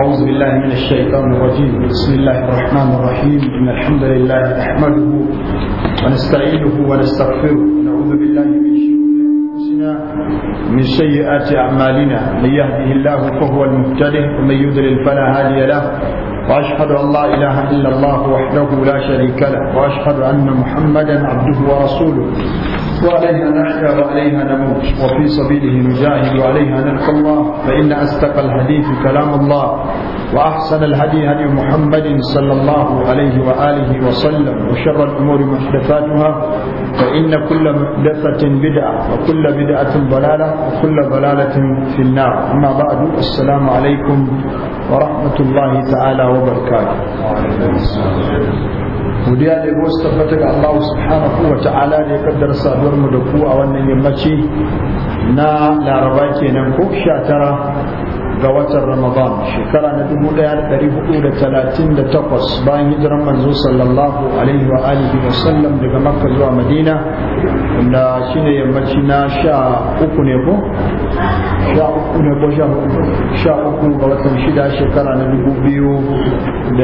أعوذ بالله من الشيطان الرجيم بسم الله الرحمن الرحيم إن الحمد لله نحمده ونستعينه ونستغفره نعوذ بالله من شرور أنفسنا من سيئات أعمالنا من يهده الله فهو المهتدي ومن يضلل فلا هادي له وأشهد أن لا إله إلا الله وحده لا شريك له وأشهد أن محمدا عبده ورسوله وعليها نحيا وعليها نموت وفي سبيله نجاهد وعليها نلقى الله فإن أصدق الحديث كلام الله وأحسن الهدي هدي محمد صلى الله عليه وآله وسلم وشر الأمور محدثاتها فإن كل محدثة بدعة وكل بدعة ضلالة وكل ضلالة في النار أما بعد السلام عليكم ورحمة الله تعالى وبركاته godiya da yabo su tabbata ga Allah subhanahu wa ta'ala da ya kaddara saduwar mu da ku a wannan yammaci na laraba kenan ko 19 ga watan Ramadan shekara na 1438 bayan hijiran manzo sallallahu alaihi wa alihi wa sallam daga Makka zuwa Madina wanda shine yammaci na sha uku ne ko sha uku ne ko sha uku ga watan shida shekara na 2017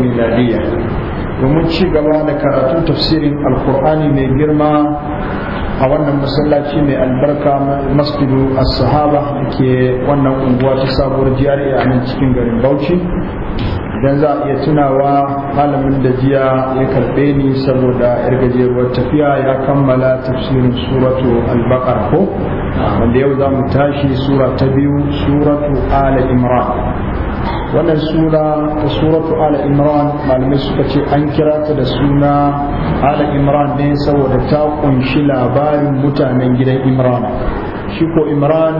miladiya domin ci gaba da karatun tafsirin alkur'ani mai girma a wannan masallaci mai albarka masjidu as-sahaba ke wannan unguwa ta sabuwar jihar a nan cikin garin bauchi idan za a iya tunawa malamin da jiya ya karɓe ni saboda yar gajeruwar tafiya ya kammala tafsirin suratu al-baqarah ko wanda yau za mu tashi sura ta biyu suratu ala imran wannan sura ta suratu ala imran malamai suka ce an kira ta da suna ala imran ne saboda ta kunshi labarin mutanen gidan imran shi ko imran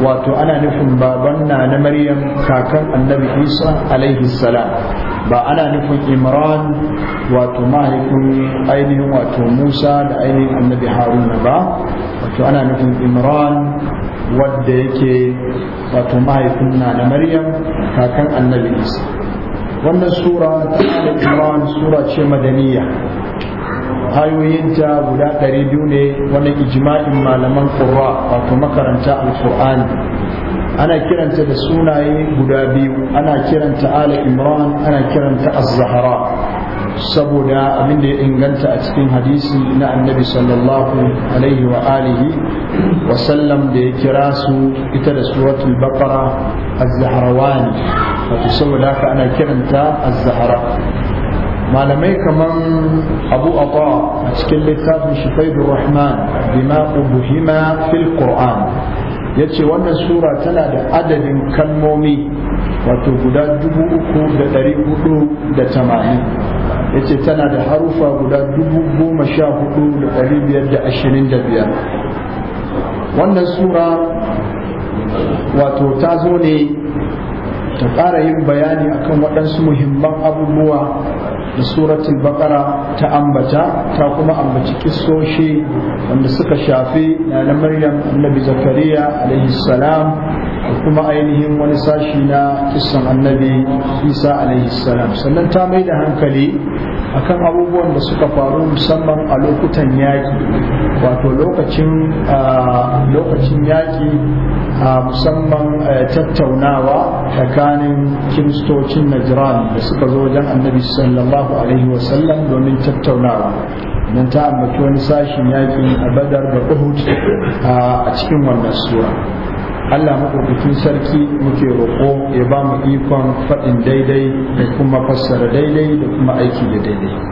wato ana nufin baban na na maryam kakan annabi isa alaihi salam ba ana nufin imran wato mahaifin ainihin wato musa da ainihin annabi haruna ba wato ana nufin imran wadda yake wato mahaifin na na maryam kakan annabi isa wannan sura ta imran sura ce madaniya hayoyinta guda ɗari biyu ne wani ijma'in malaman qurra wato makaranta alkur'ani ana kiranta da sunaye guda biyu ana kiranta ala imran ana kiranta az-zahra saboda abin da ya inganta a cikin hadisi na annabi sallallahu alaihi wa alihi wa sallam da ya kira su ita da suratul baqara az-zahrawani wato saboda haka ana kiranta az-zahra malamai kamar abu abba a cikin littafin shifaidu rahman bima buhima fil qur'an ya ce wannan sura tana da adadin kalmomi wato guda dubu uku da ɗari hudu da tamanin ya ce tana da harufa guda dubu goma sha hudu da ɗari biyar da ashirin da biyar wannan sura wato ta zo ne ta ƙara yin bayani akan waɗansu muhimman abubuwa da suratul bakara ta ambata ta kuma ambaci kissoshi wanda suka shafi na maryam annabi zakariya alaihi salam da kuma ainihin wani sashi na kissan annabi isa alaihi salam sannan ta mai da hankali akan abubuwan da suka faru musamman a lokutan yaƙi wato lokacin lokacin yaƙi musamman tattaunawa tsakanin kiristocin najiran da suka zo wajen annabi sallallahu alaihi wasallam domin tattaunawa don ta ambaci wani sashin yaƙin a da uhud a cikin wannan sura Allah maɗaukakin sarki muke roƙo ya ba mu ikon faɗin daidai da kuma fassara daidai da kuma aiki da daidai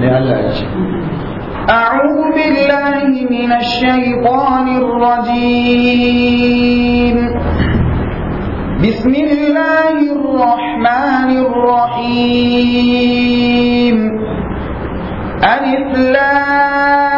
ne Allah ya ce أعوذ بالله من الشيطان الرجيم بسم الله الرحمن الرحيم الإسلام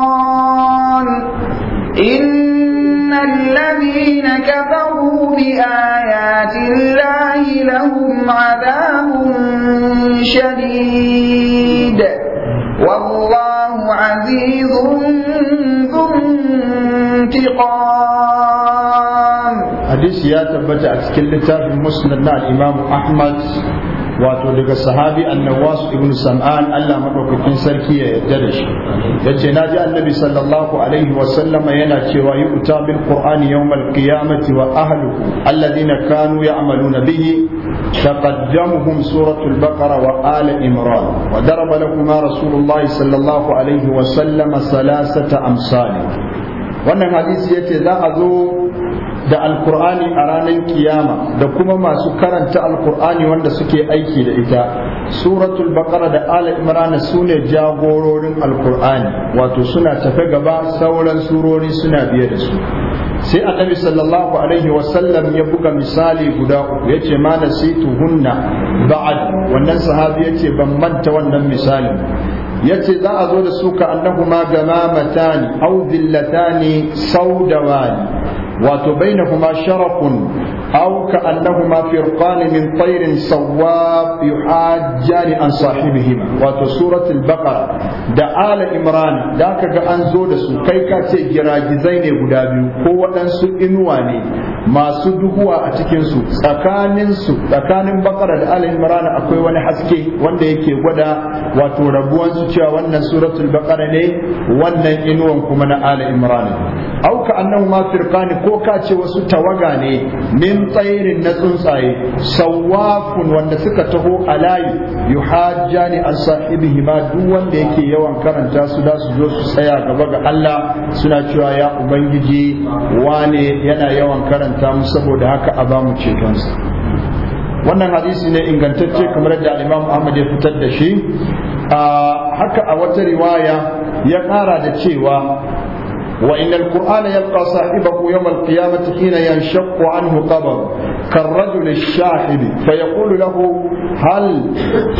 لهم عذاب شديد والله عزيز ذو انتقام حديث يا تبت أتكلم مسند الإمام أحمد wato daga sahabi annawas ibn sam'an Allah madaukakin sarki ya yarda da shi yace naji annabi sallallahu alaihi wa sallama yana cewa yu'ta bil qur'ani yawmal qiyamati wa ahlu alladhina kanu ya'maluna bihi تقدمهم سورة البقرة وآل إمران وضرب لكما رسول الله صلى الله عليه وسلم ثلاثة أمثال wannan hadisi ya ce za a zo da alkur'ani a ranar kiyama da kuma masu karanta alkur'ani wanda suke aiki da ita suratul baqara da ala imran sune jagororin alqur'ani wato suna tafe gaba sauran surori suna biye da su sai annabi sallallahu alaihi ya buga misali guda uku yace ma nasituhunna ba'ad wannan sahabi yace ban manta wannan misalin yace za a zo da su ka annahuma gamamatani aw dillatani saudawani wato bainahuma sharafun أو كأنهما فرقان من طير صواب يحاجان عن صاحبهما واتو سورة البقرة دا آل إمران دا كأنزو دا سو كيكا تي جراجزين غدابيو هو أنسو إنواني masu duhuwa a cikinsu tsakaninsu tsakanin bakara da ala imran akwai wani haske wanda yake gwada wato rabuwan su cewa wannan suratul bakara ne wannan inuwan kuma na ala imran au ka annahu ma firqani ko ka ce wasu tawaga ne min tsairin na tsuntsaye sawafun wanda suka taho alayi yuhajjani an sahibihima duk wanda yake yawan karanta su da su zo su tsaya gaba ga Allah suna cewa ya ubangiji wane yana yawan karanta faranta mu saboda haka a cetonsa wannan hadisi ne ingantacce kamar da Imam Ahmad ya fitar da shi ah, haka a wata riwaya ya kara da cewa وإن القرآن يلقى صاحبه يوم القيامة حين ينشق عنه قبر كالرجل الشاحب فيقول له هل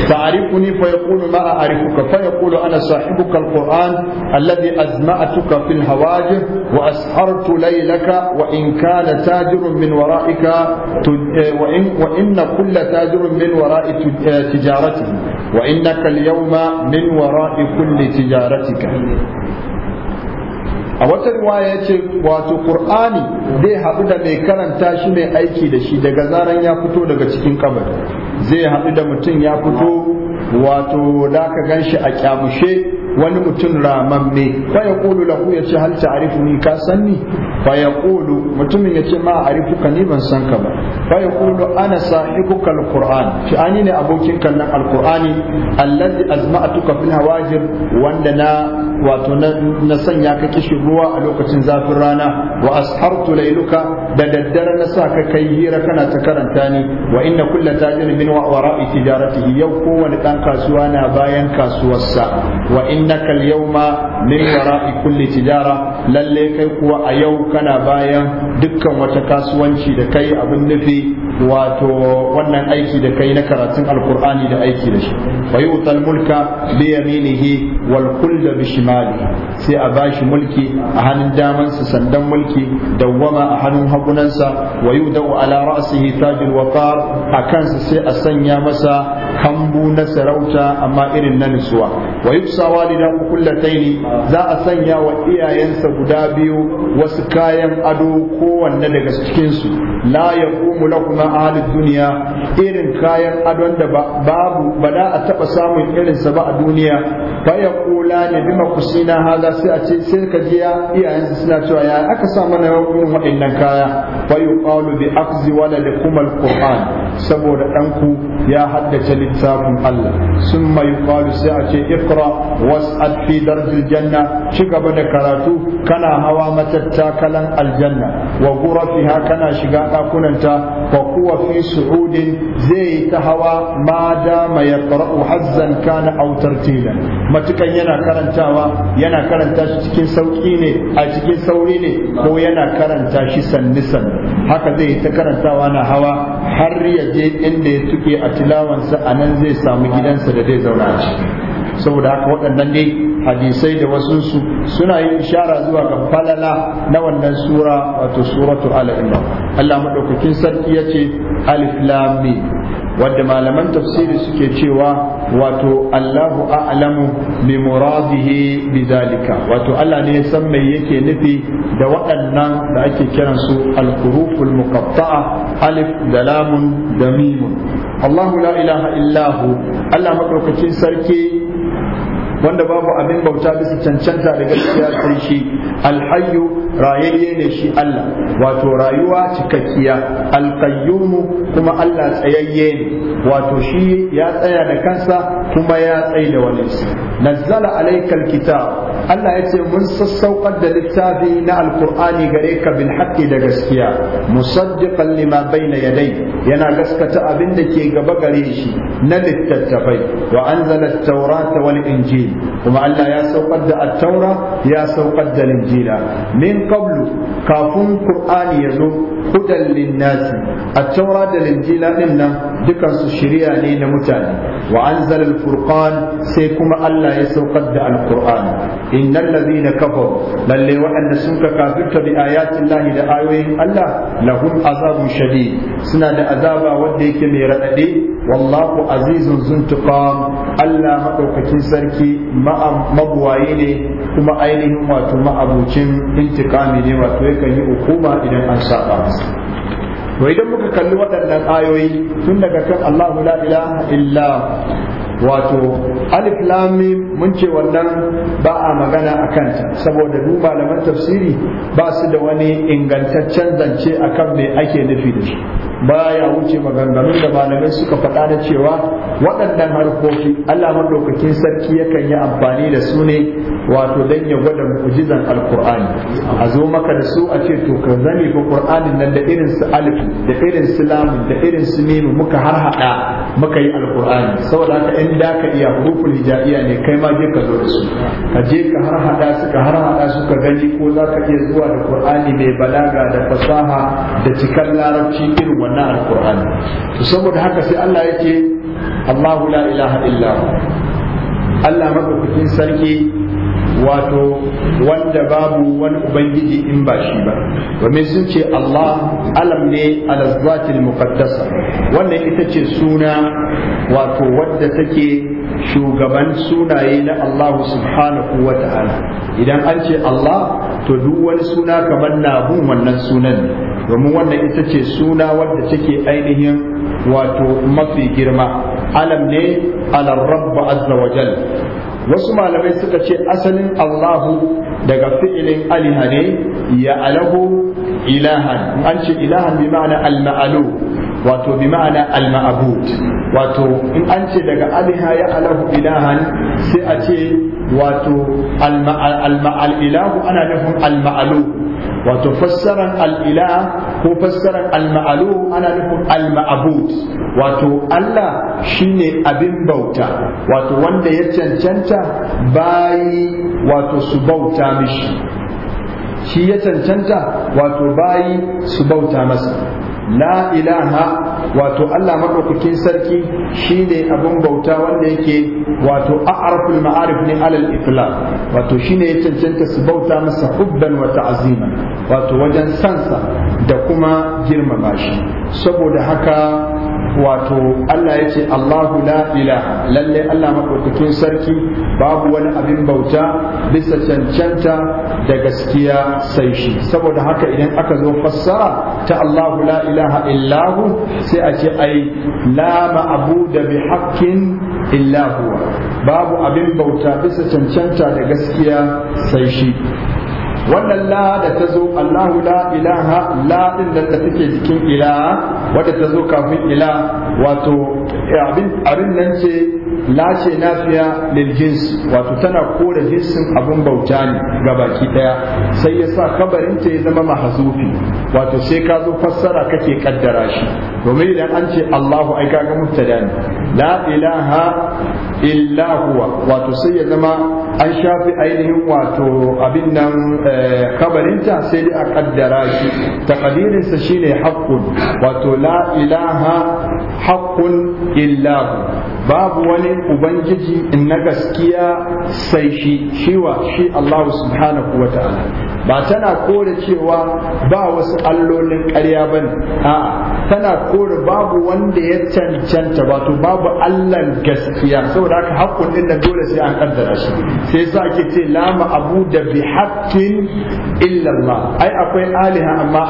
تعرفني فيقول ما أعرفك فيقول أنا صاحبك القرآن الذي أزمأتك في الهواجر وأسحرت ليلك وإن كان تاجر من ورائك وإن, وإن كل تاجر من وراء تجارته وإنك اليوم من وراء كل تجارتك a wata riwaya ya ce wato qur'ani zai haɗu da mai karanta shi mai aiki da shi daga zaran ya fito daga cikin kabari zai haɗu da mutum ya fito wato da ka gan shi a kyamushe wani mutum ramamme fa ya ƙulu lahu ya ce hal ta'rifu ni ka san fa ya ƙulu mutumin ya ce ma arifu ka ni ban san ka ba fa ya kulu ana al alquran ki ani ne abokin kallon alqurani allazi azma'atuka fil hawajir wanda na wato na sanya ka kishin ruwa a lokacin zafin rana wa ashartu lailuka da daddare na sa ka kai hira kana ta karanta ni wa inna kulla tajirin min wa wara'i tijaratihi yau kowane dan kasuwa na bayan kasuwarsa wa innaka al-yawma min wara'i kulli tijara lalle kai kuwa a yau kana bayan dukkan wata kasuwanci da kai abin nufi wato wannan aiki da kai na karatun alkur'ani da aiki da shi wa utal mulka bi yaminihi wal kulla bi shimali sai a bashi mulki a hannun daman sa sandan mulki dawwama a hannun hagunansa wayu da ala ra'sihi tajul waqar a kansa sai a sanya masa kambu na sarauta amma irin na nutsuwa wayu yuksa walidahu kullataini za a sanya wa iyayensa guda biyu wasu kayan ado kowanne daga cikin su? la yaqumu lakuma ahalin duniya irin kayan adon da babu ba da a taba samun irin sa ba a duniya fa kula ne bima kusina haza sai a ce sai ka ji iyayen su suna cewa ya aka sa mana irin waɗannan kaya fa yuqalu bi akzi wala lakumal qur'an saboda ɗanku ya haddace littafin Allah summa yuqalu sai a ce ikra was'ad fi darjil janna ci gaba da karatu kana hawa matattakalan aljanna wa ha kana shiga dakunanta fa kuwa fi su'udin zai ta hawa ma da ya yaqra'u hazzan kana aw tartila matukan yana karantawa yana karanta shi cikin sauki ne a cikin sauri ne ko yana karanta shi sanni sanni haka zai ta karantawa na hawa har ya je inda ya tuke a tilawansa anan zai samu gidansa da zai zauna ciki saboda haka waɗannan ne hadisai da wasu su suna yin ishara zuwa ga falala na wannan sura wato suratu al Allah madaukakin sarki yace alif lam mim wadda malaman tafsiri suke cewa wato Allahu a'lamu bi muradihi bidalika wato Allah ne ya san me yake nufi da waɗannan da ake kiran su al-huruful muqatta'a alif da lamun da mim Allahu la ilaha illahu Allah madaukakin sarki wanda babu abin bauta bisa cancanta da gaskiya sai shi alhayyu rayayye ne shi Allah wato rayuwa cikakkiya alqayyumu kuma Allah tsayayye ne wato shi ya tsaya da kansa kuma ya tsaye da wani nazzala alaikal kitab Allah ya ce mun sassaukar da littafi na alkur'ani gare ka bin haƙƙi da gaskiya musaddiqan lima bayna yadai yana gaskata abin da ke gaba gare shi na littattafai wa anzala at-taurata wal injil kuma Allah ya saukar da at-taura ya saukar da injila min qablu kafin qur'ani ya zo hudan linnas at-taura da injila din nan dukan su ne na mutane wa anzala al-furqan sai kuma Allah ya saukar da al innal na kafaru lalle waɗanda suka kafirta bi ayatin lahi da ayoyin Allah lahum azabun shadid suna da azaba wanda yake mai radade wallahu azizun zuntuqam Allah madaukakin sarki mabuwaye ne kuma ainihin wato ma'abucin bincika ne wato yakan yi hukuma idan an saba masa idan muka kalli waɗannan ayoyi tun daga kan Allahu la ilaha illa wato alif lam mim mun ce wannan ba a magana a kanta saboda duk malaman tafsiri ba su da wani ingantaccen zance akan me ake nufi da shi ya wuce maganganun da malamai suka faɗa da cewa waɗannan harkoki Allah madaukakin sarki yakan yi amfani da su ne wato dan ya gwada mu'jizan alqur'ani a zo maka da su a ce to ka zame ba qur'anin nan da irin su alif da irin su lam da irin su mim muka harhaɗa muka yi alqur'ani saboda haka in in ka iya huruful hijabiya ne kai ma je ka zo da su ka je ka har hada suka har hada suka gani ko za ka iya zuwa da qur'ani mai balaga da fasaha da cikar larabci irin wannan alqur'ani to saboda haka sai Allah yake Allahu la ilaha illa Allah madaukakin sarki wato wanda babu wani ubangiji in ba shi ba domin sun ce Allah alam ne alazzatil muqaddasa wannan ita ce suna wato wadda take shugaban sunaye na Allah subhanahu wa ta'ala idan an ce Allah to duk wani suna kamar na bun wannan sunan domin wannan ita ce suna wadda take ainihin wato mafi girma alam ne alar rabba azza wa wasu malamai suka ce asalin Allahu daga fi'ilin aliha ne ya alahu ilahan an ce ilahan bi ma'ana al-ma'alu wato bi ma'ana al-ma'bud wato in an ce daga aliha ya alahu ilahan sai a ce wato al-ilahu ana nufin al-ma'alu wato fassaran al'ila ko fassaran al'maalu ana nufin al wato Allah shine abin bauta wato wanda ya cancanta bayi wato su bauta mishi shi ya cancanta wato bayi su bauta masa la ilaha wato Allah madaukakin sarki shine abun bauta wanda yake wato a'raful ma'arif ne alal itlaq wato shine ya cancanta su bauta masa hubban wa ta'zima wato wajen sansa da kuma girmama shi saboda haka wato Allah ya ce Allahu la ilaha lalle Allah maɗaukakin sarki babu wani abin bauta bisa cancanta da gaskiya sai shi saboda haka idan aka zo fassara ta Allahu la ilaha illahu sai a ce ai la ma'buda bi haƙƙin illa babu abin bauta bisa cancanta da gaskiya sai shi wannan la da ta zo Allahu la ilaha la din da ta take jikin ila wadda ta zo kafin ila wato eh, abin nan ce lashe nafiya lil jins wato tana kore jinsin abin bauta ne ga baki daya sai ya sa kabarinta ya zama mahazufi wato sai ka zo fassara kake kaddara shi domin idan an ce Allahu ai kaga mubtada ne la ilaha illa huwa wato sai ya zama an shafi ainihin wato abin nan eh, kabarinta sai dai a kaddara shi takadirin sa shine haqqun wato la ilaha haqqun illa babu wani ubangiji na gaskiya sai shi shiwa shi Allah subhanahu wa ta'ala ba tana kore cewa ba wasu allolin ƙarya ba ne a'a tana kore babu wanda ya cancanta ba to babu allan gaskiya saboda haka haƙƙun din da dole sai an kaddara shi sai yasa ake ce Lama abu da bi haƙƙin illallah ai akwai aliha amma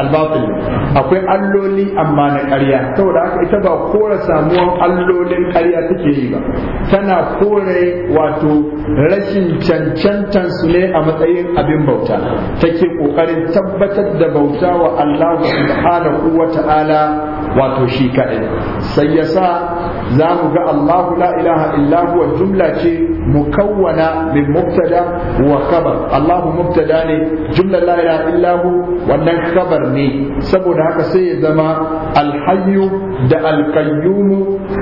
albatil akwai alloli amma na ƙarya saboda haka ita ba kore samuwan allolin ƙarya take yi ba tana kore wato rashin cancantan su ne a matsayin abin bauta bauta take kokarin tabbatar da bauta wa Allah subhanahu wa ta'ala wato shi kaɗai sai ya sa za mu ga Allahu la ilaha illa huwa jumla ce mukawwana min mubtada wa khabar Allahu mubtada ne jumla la ilaha illa hu wannan khabar ne saboda haka sai ya zama alhayyu da qayyum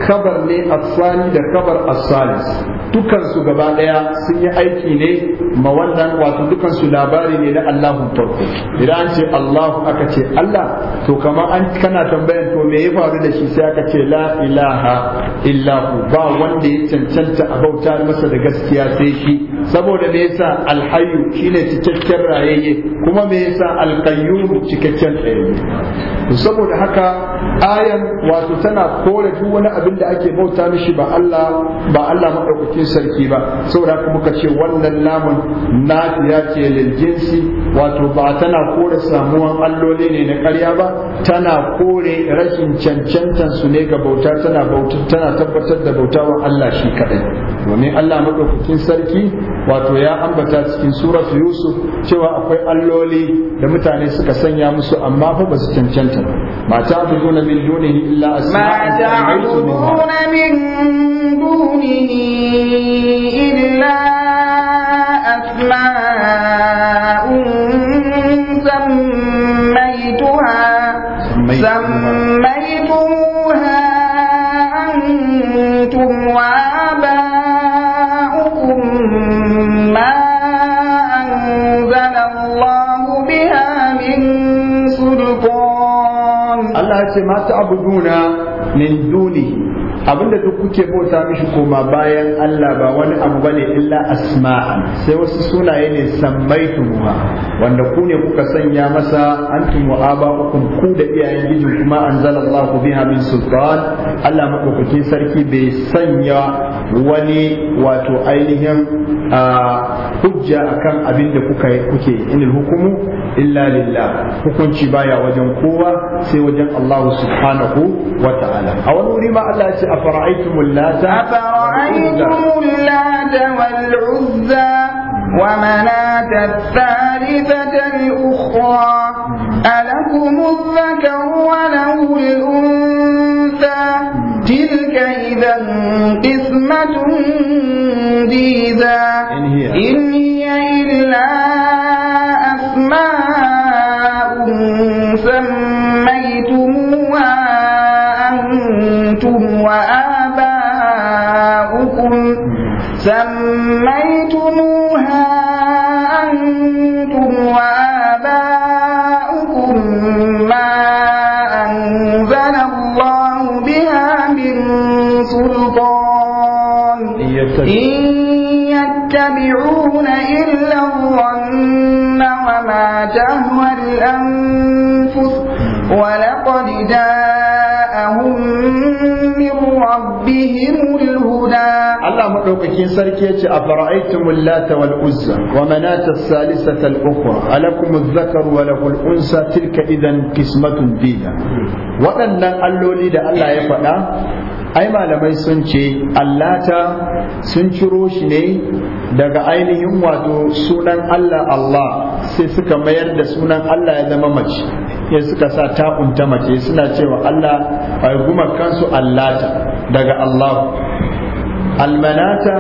khabar ne asali da khabar asalis dukansu gaba daya sun yi aiki ne ma wannan wato dukansu labari ne na Allahu farko idan an ce Allahu aka ce Allah to kamar an kana tambayan to me ya faru da shi sai aka ce la ilaha illahu ba wanda ya cancanta a bauta masa da gaskiya sai shi saboda me yasa alhayyu shine cikakken rayayye kuma me yasa alqayyum cikakken tsayayye saboda haka ayan wato tana kore duk wani abin da ake bauta mishi ba Allah ba Allah madaukakin sarki ba saboda kuma ka ce wannan lamun ya ce lil jinsi wato ba tana kore samuwan alloli ne na ƙarya ba tana kore rashin cancantan su ne ga bauta tana bauta tana tabbatar da bauta wa Allah shi kadai domin Allah madaukakin sarki wato ya ambata cikin suratu yusuf cewa akwai alloli da mutane suka sanya musu amma fa ba su cancanta ma ta'buduna min dunihi illa min illa ta'ala ce ma na min duni abinda duk kuke bauta mishi koma bayan Allah ba wani abu bane illa asma'a sai wasu sunaye ne sammaitumuha wanda ku ne kuka sanya masa antum wa aba'ukum ku da iyayen gijin kuma anzalallahu biha min sultan Allah madaukakin sarki bai sanya wani wato ainihin hujja akan abin da kuka kuke inil hukumu illa lillah hukunci baya wajen kowa sai wajen Allah subhanahu wa a wani wuri ma Allah ya ce أفرأيتم اللات أفرأيتم اللات والعزى ومناة الثالثة الأخرى ألكم الذكر وله الأنثى تلك إذا قسمة ديدا إن هي إلا سميتموها أنتم وآباؤكم ما أنزل الله بها من سلطان إن يتبعون إلا الظن وما تهوى الأنفس ولقد جاءهم من ربهم الهدى Allah madaukakin sarki yace afara'aytum lata wal uzza wa manat as-salisata al-ukhra alakum adh-dhakaru wa lahu unsa tilka idan qismatun waɗannan alloli da Allah ya faɗa ai malamai sun ce allata sun ciro shi ne daga ainihin wato sunan Allah Allah sai suka mayar da sunan Allah ya zama mace ya suka sa ta'unta mace suna cewa Allah a gumakansu allata daga Allah almanata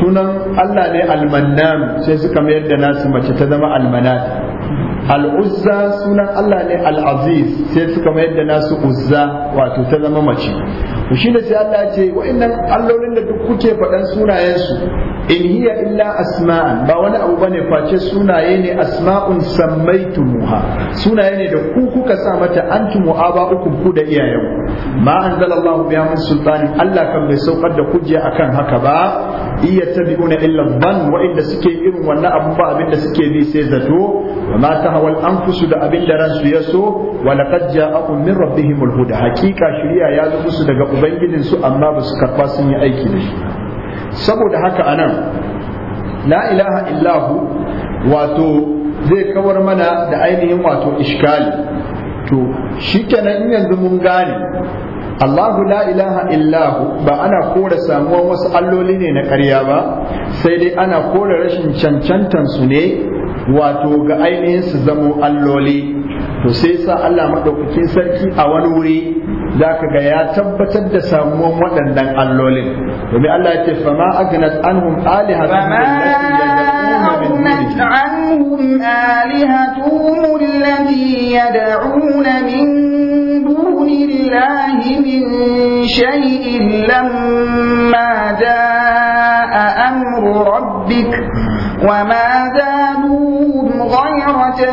sunan Allah ne almannan sai suka mayar da nasu mace ta zama almanata. al'uzza sunan Allah ne al'aziz sai suka mayar da nasu uzza wato ta zama mace shi da sai Allah ce wa'annan allolin da duk kuke faɗan sunayensu in hiya illa asma'an ba wani abu bane face sunaye ne asma'un sammaitumuha sunaye ne da ku kuka sa mata antum wa aba'ukum ku da iyayen ma anzalallahu biha min sultanin Allah kan bai saukar da kuje akan haka ba iya tabi'una illa dhann wa inda suke irin wannan abu ba abinda suke bi sai zato ma hawal an anfusu da abin da ransu ya so wa laqad ja'akum min rabbihimul huda hakika shari'a ya zo musu daga ubangijin su amma ba su karba sun yi aiki da shi saboda haka anan la ilaha illahu wato zai kawar mana da ainihin wato iskali to shikenan in yanzu mun gane Allahu la ilaha illahu ba ana kora samuwan wasu alloli ne na karya ba sai dai ana kora rashin cancantan su ne wato ga ainihin su zamo alloli to sai sa Allah maɗaukakin sarki a wani wuri za ka ga ya tabbatar da samuwan waɗannan allolin domin Allah ya ce fama agnat anhum alihatuhum عنهم آلهتهم التي يدعون من دون الله من شيء لما جاء أمر ربك وما زادوهم غير ce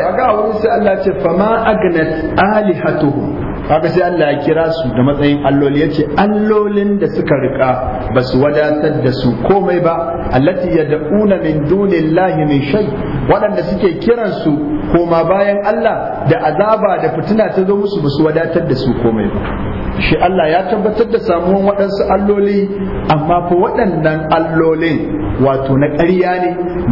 أقول سألة فما أغنت آلهتهم haka sai Allah ya kira su da matsayin alloli ya ce allolin da suka rika ba su wadatar da su komai ba allati yad'una min dunillahi min shay waɗanda suke kiransu koma bayan Allah da azaba da fitina ta zo musu basu wadatar da su komai ba shi Allah ya tabbatar da samuwan waɗansu alloli amma fa waɗannan allolin wato na ƙarya ne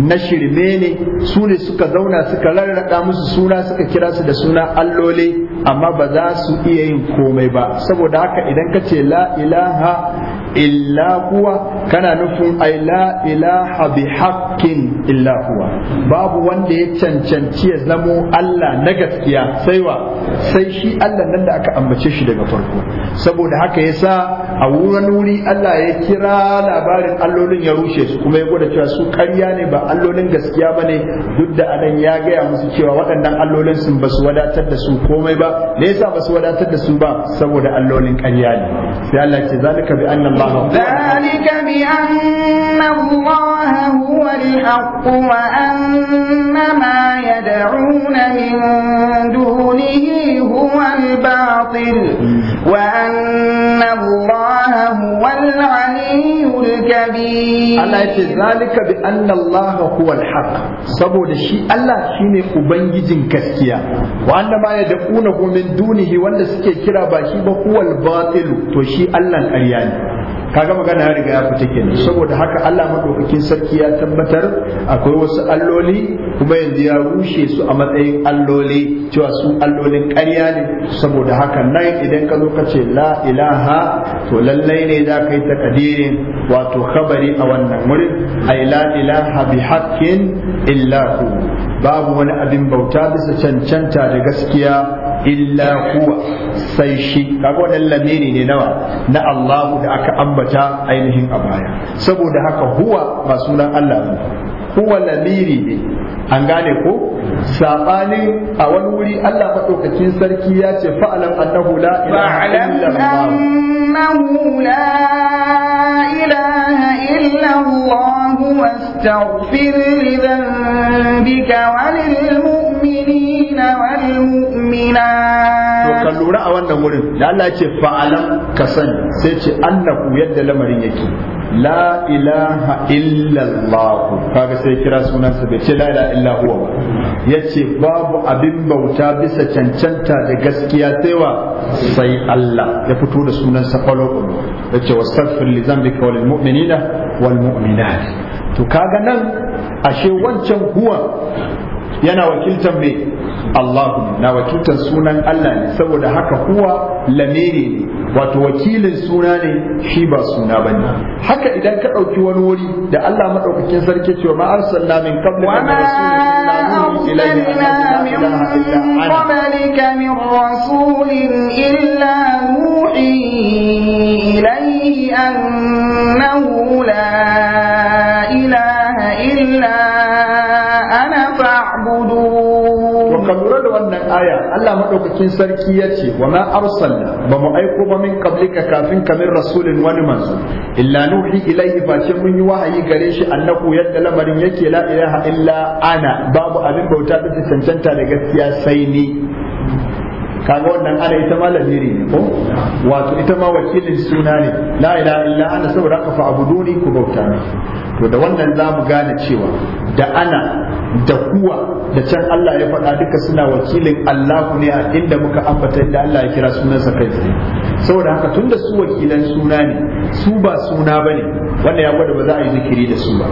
na shirme ne su ne suka zauna suka rarraɗa musu suna suka kira su da suna alloli amma ba za su iya yin komai ba saboda haka idan ka ce la ilaha illa kuwa kana nufin ai la ilaha bi haqqin illa huwa babu wanda ya cancanci ya zamo Allah na gaskiya sai sai shi Allah nan da aka ambace shi daga farko saboda haka yasa a wurin wuri Allah ya kira labarin allolin ya rushe su kuma ya gwada cewa su ƙarya ne ba allolin gaskiya bane duk da anan ya gaya musu cewa waɗannan allolin sun ba su wadatar da su komai ba me yasa ba su wadatar da su ba saboda allolin ƙarya ne sai Allah ce zalika bi annam ذلك بأن الله هو الحق وأن ما يدعون من دونه هو الباطل وأن الله هو العلي الكبير الله ذلك بأن الله هو الحق سبو شيء الله شيني أبنجي كسكيا وأن ما يدعونه من دونه وأن سكي كرا باشي هو الباطل to الله Allah kaga magana ya riga ya fita kenan saboda haka Allah madaukakin sarki ya tabbatar akwai wasu alloli kuma yanzu ya rushe su a matsayin alloli cewa su allolin ƙarya ne saboda haka nan idan ka zo ka ce la ilaha to lallai ne za ka yi takadirin wato kabari a wannan wurin a la ilaha bi haqqin illa hu babu wani abin bauta bisa cancanta da gaskiya illa huwa sai shi kaga wannan lamiri ne nawa na Allahu da aka ambata ainihin a baya saboda haka huwa ba sunan Allah ne huwa lamiri ne an gane ko sabanin a wani wuri Allah madaukakin sarki ya ce fa'alam annahu la ilaha illa Allah واستغفر لذنبك وللمؤمنين mu'mina to ka lura a wannan wurin da Allah ya ce fa'ala ka sani sai ce annahu yadda lamarin yake la ilaha illallah kaga sai kira sunansa bai ce la ilaha illa huwa ba yace babu abin bauta bisa cancanta da gaskiya taiwa sai Allah ya fito da sunan sunansa kwalo yace wastaghfir li dhanbika wal mu'minina wal mu'minat to kaga nan ashe wancan huwa yana wakiltar me Allahu! na wakiltar sunan Allah ne saboda haka kuwa lamere ne wato wakilin suna ne shi ba suna bane haka idan ka ɗauki wani wuri da Allah maɗaukakin sarki cewa ma arsalna min qablika min rasulin illa nuhi ilayhi annahu aya Allah maɗaukakin sarki ya ce wa ma arsalna ba mu aiko ba min qablika kafin ka min rasulin wani manzo illa nuhi ilaihi fa ce mun yi wahayi gare shi annahu yadda lamarin yake la ilaha illa ana babu abin bauta da cancanta da gaskiya sai ni kaga wannan ana ita ma lamiri ne ko wato ita ma wakilin suna ne la ilaha illa ana saboda ka fa abuduni ku bauta ne. to da wannan za mu gane cewa da ana da kuwa da can Allah ya faɗa duka suna wakilin Allah ne a inda muka ambata inda Allah ya kira sunansa kai tsaye saboda haka tunda su wakilan suna ne su ba suna bane wanda ya gwada ba za a yi zikiri da su ba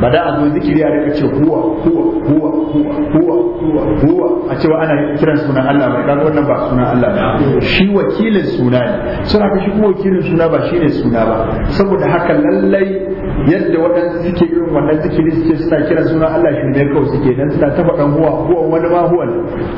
ba da a zo zikiri a rika ce huwa huwa huwa huwa huwa huwa a cewa ana kiran sunan Allah ba kaga wannan ba sunan Allah ba shi wakilin suna ne suna ka shi kuma wakilin suna ba shine suna ba saboda haka lallai yadda waɗansu suke irin wannan zikiri suke suna kiran sunan Allah shi ne kawai suke dan suna ta faɗan huwa huwa wani ma huwa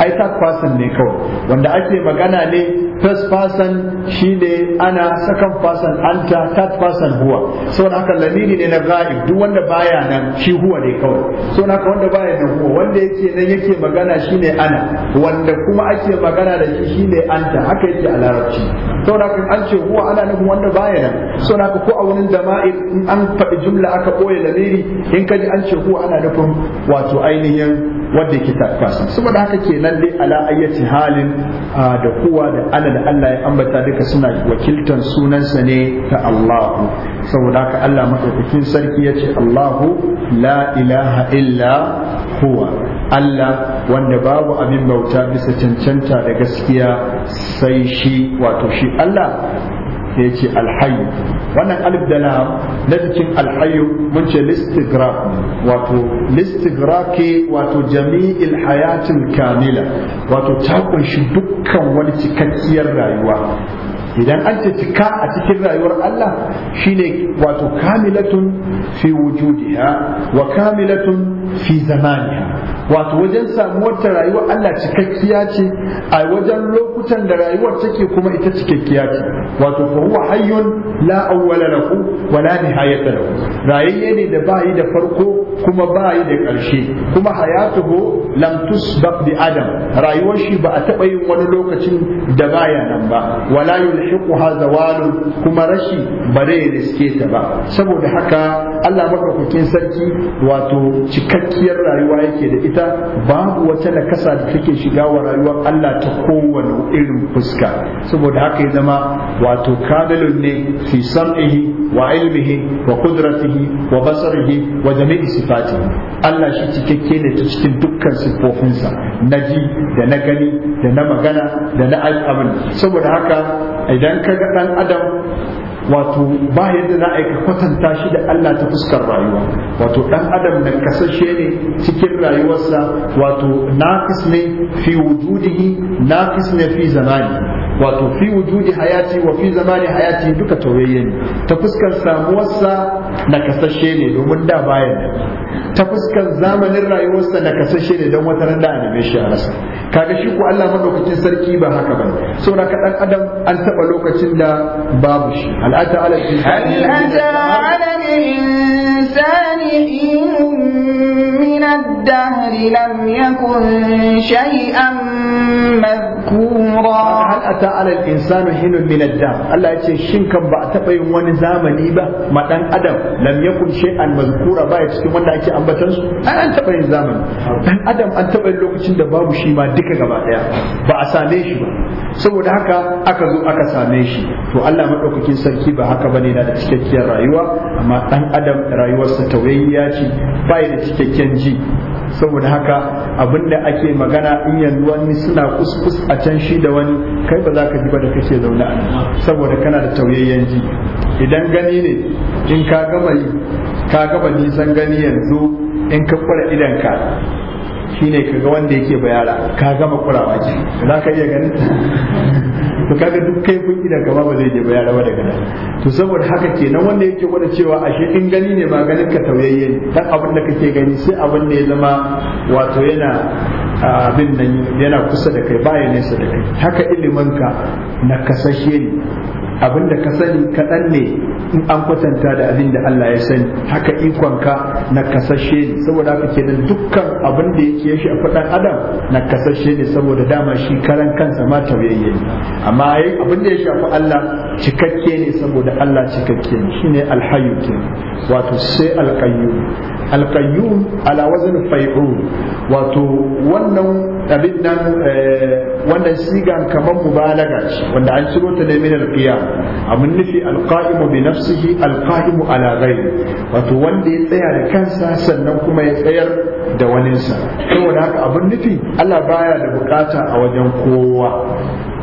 ai ta kwasan ne kawai wanda ake magana ne first person shine ana second person anta third person huwa saboda haka lamiri ne na ghaib duk wanda baya nan shi huwa ne kawai saboda haka wanda baya nan huwa wanda yake nan yake magana shine ana wanda kuma ake magana da shi shine anta haka yake a larabci saboda haka an ce huwa ana nufin wanda baya nan saboda haka ko a wurin jama'i in an faɗi jumla aka ɓoye lamiri in kaji an ce huwa ana nufin wato ainihin wanda yake tafasa saboda haka kenan dai ala ayyati halin da kuwa da ala da Allah ya ambata duka suna wakiltan sunansa ne ta Allahu saboda haka Allah madaukakin sarki yace ce Allahu la ilaha illa huwa Allah wanda babu abin bauta bisa cancanta da gaskiya sai shi wato shi Allah sai ya ce alhayu wannan alif da lam na alhayu mun ce listigraf wato listigrafi wato jami'il hayatin kamila wato ta kunshi dukkan wani cikakkiyar rayuwa idan an ce cika a cikin rayuwar Allah shine wato kamilatun fi wujudiha wa kamilatun fi zamani wato wajen samuwar ta rayuwar Allah cikakkiya ce a wajen lokutan da rayuwar take kuma ita cikakkiya ce wato fa huwa hayyun la awwala lahu wa la nihayata lahu rayayye ne da bayi da farko kuma bayi da ƙarshe kuma hayatuhu lam tusbaq bi adam rayuwar shi ba a taɓa yin wani lokacin da baya nan ba wala yulhiquha zawalun kuma rashi ba zai riske ta ba saboda haka Allah madaukakin sarki wato cikakkiya. cikakkiyar rayuwa yake da ita babu wata kasa da take shiga wa rayuwar Allah ta kowane irin fuska saboda haka ya zama wato kamilun ne fi sam'ihi wa ilmihi wa qudratihi wa basarihi wa jami'i sifatihi Allah shi cikakke ne ta cikin dukkan siffofinsa na ji da na gani da na magana da na abin saboda haka idan ka ga dan adam wato ba yadda za a yi kwatanta shi da Allah ta fuskar rayuwa wato dan adam na kasashe ne cikin rayuwarsa wato nakis ne fi wujudihi naqis ne fi zamani wato fi wujudi hayati wa fi zamani hayati duka tauyayye ne ta fuskar samuwarsa na kasashe ne domin da bayan ta fuskar zamanin rayuwarsa na kasashe ne don wata ran a annabi shi a rasa kaga shi ko Allah madaukakin sarki ba haka ba saboda ka dan adam an taba lokacin da babu shi al'ata ala الإنسان حين من الدهر لم يكن شيئا مذكورا هل أتى على الإنسان حين من الدهر الله يتشي شنكا بأتبعي وان زامني با ما دان أدم لم يكن شيئا مذكورا با يتشي وانا أتشي أمبتنس أنا أتبعي زامن دان أدم أتبعي لوكتين دا بابو شيما ديكا غبا ba a same shi ba saboda haka aka zo aka same shi to Allah madaukakin sarki ba haka bane na da cikakkiyar rayuwa amma dan adam rayuwa rayuwarsa tauyayya ce bai da cikakken ji saboda haka abinda ake magana in yanzu wani suna kuskus a can shi da wani kai ba za ka ji ba da kake zaune a nan saboda kana da tauyayyen ji idan gani ne in ka gama ka gama nisan gani yanzu in ka kwara idanka shine kaga wanda yake bayara ka gama kurawa ce za ka iya ganin to kaga duk kai kun idan gaba ba zai je bayara ba daga nan to saboda haka kenan wanda yake gwada cewa ashe in gani ne ba ganin ka tauyayye ne dan abin da kake gani sai abin da ya zama wato yana abin nan yana kusa da kai ba ya nesa da kai haka ilimin ka na kasashe ne abin da ka sani kaɗan ne in an kwatanta da abin da Allah ya sani haka ikonka na kasashe ne saboda haka kenan dukkan abin da yake shi a faɗan adam na kasashe ne saboda dama shi karan kansa ma tauyayye ne amma abin da ya shafi Allah cikakke ne saboda Allah cikakke ne shine alhayyu ke wato sai alqayyum alqayyum ala wazn fai'ul wato wannan abin nan eh, wannan sigan kamar mubalaga ce wanda an ciro ta ne min alqiya amun nufi alqaimu bi nafsihi alqaimu ala ghayri wato wanda ya tsaya da kansa sannan kuma ya tsayar da waninsa saboda haka abun nufi Allah baya da bukata a wajen kowa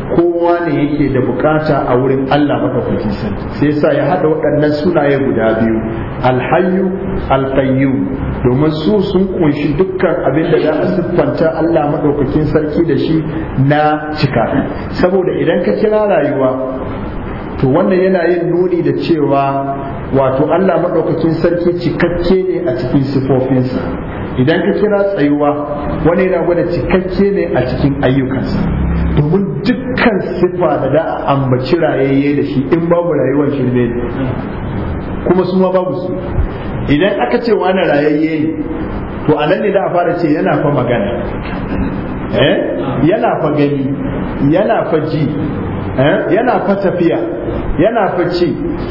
kowa ne yake da bukata a wurin Allah madaukakin sarki sai sa ya haɗa waɗannan sunaye guda biyu alhayyu alkayyu domin su sun kunshi dukkan abin da za a siffanta Allah maɗaukakin sarki da shi na cika saboda idan ka kira rayuwa to wannan yana yin nuni da cewa wato Allah maɗaukakin sarki cikakke ne a cikin sifofinsa idan ka kira tsayuwa wani yana gwada cikakke ne a cikin ayyukansa domin duk dukkan siffa da da ambaci rayayye da shi in babu rayuwar shi ne kuma su ma babu su idan aka ce wani rayayye ne to a nan ne da a fara ce yana fa magana eh yana fa gani yana fa ji eh? yana fa tafiya yana fa ci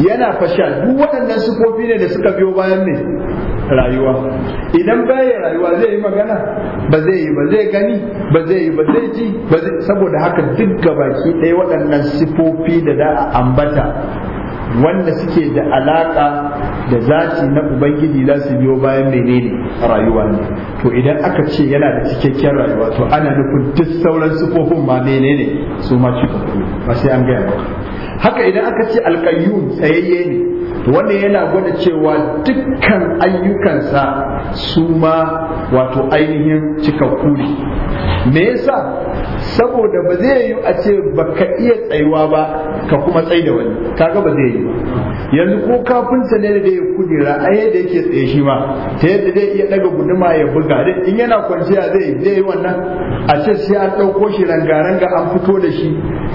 yana fa sha duk waɗannan sufofi ne da suka biyo bayan ne rayuwa idan baya rayuwa zai yi magana ba zai yi ba zai gani ba zai yi ba zai ji ba zai saboda haka duk gabaki ɗaya waɗannan sifofi da da a ambata wanda suke da alaka da zaci na ubangiji za su biyo bayan menene rayuwa ne to idan aka ce yana da cikakken rayuwa to ana nufin duk sauran sifofin ma menene su ma cikakku ba sai an gaya ba haka idan aka ce alƙayyun tsayayye ne to yana gwada cewa dukkan ayyukansa su ma wato ainihin cika kuri me yasa saboda ba zai yi a ce baka iya tsayuwa ba ka kuma tsai da wani kaga ba zai yi yanzu ko kafinta ne da ya kudura a yadda yake tsaye shi ma ta yadda zai iya daga guduma ya buga in yana kwanciya zai zai yi wannan a ce sai an ɗauko shi rangaranga an fito da shi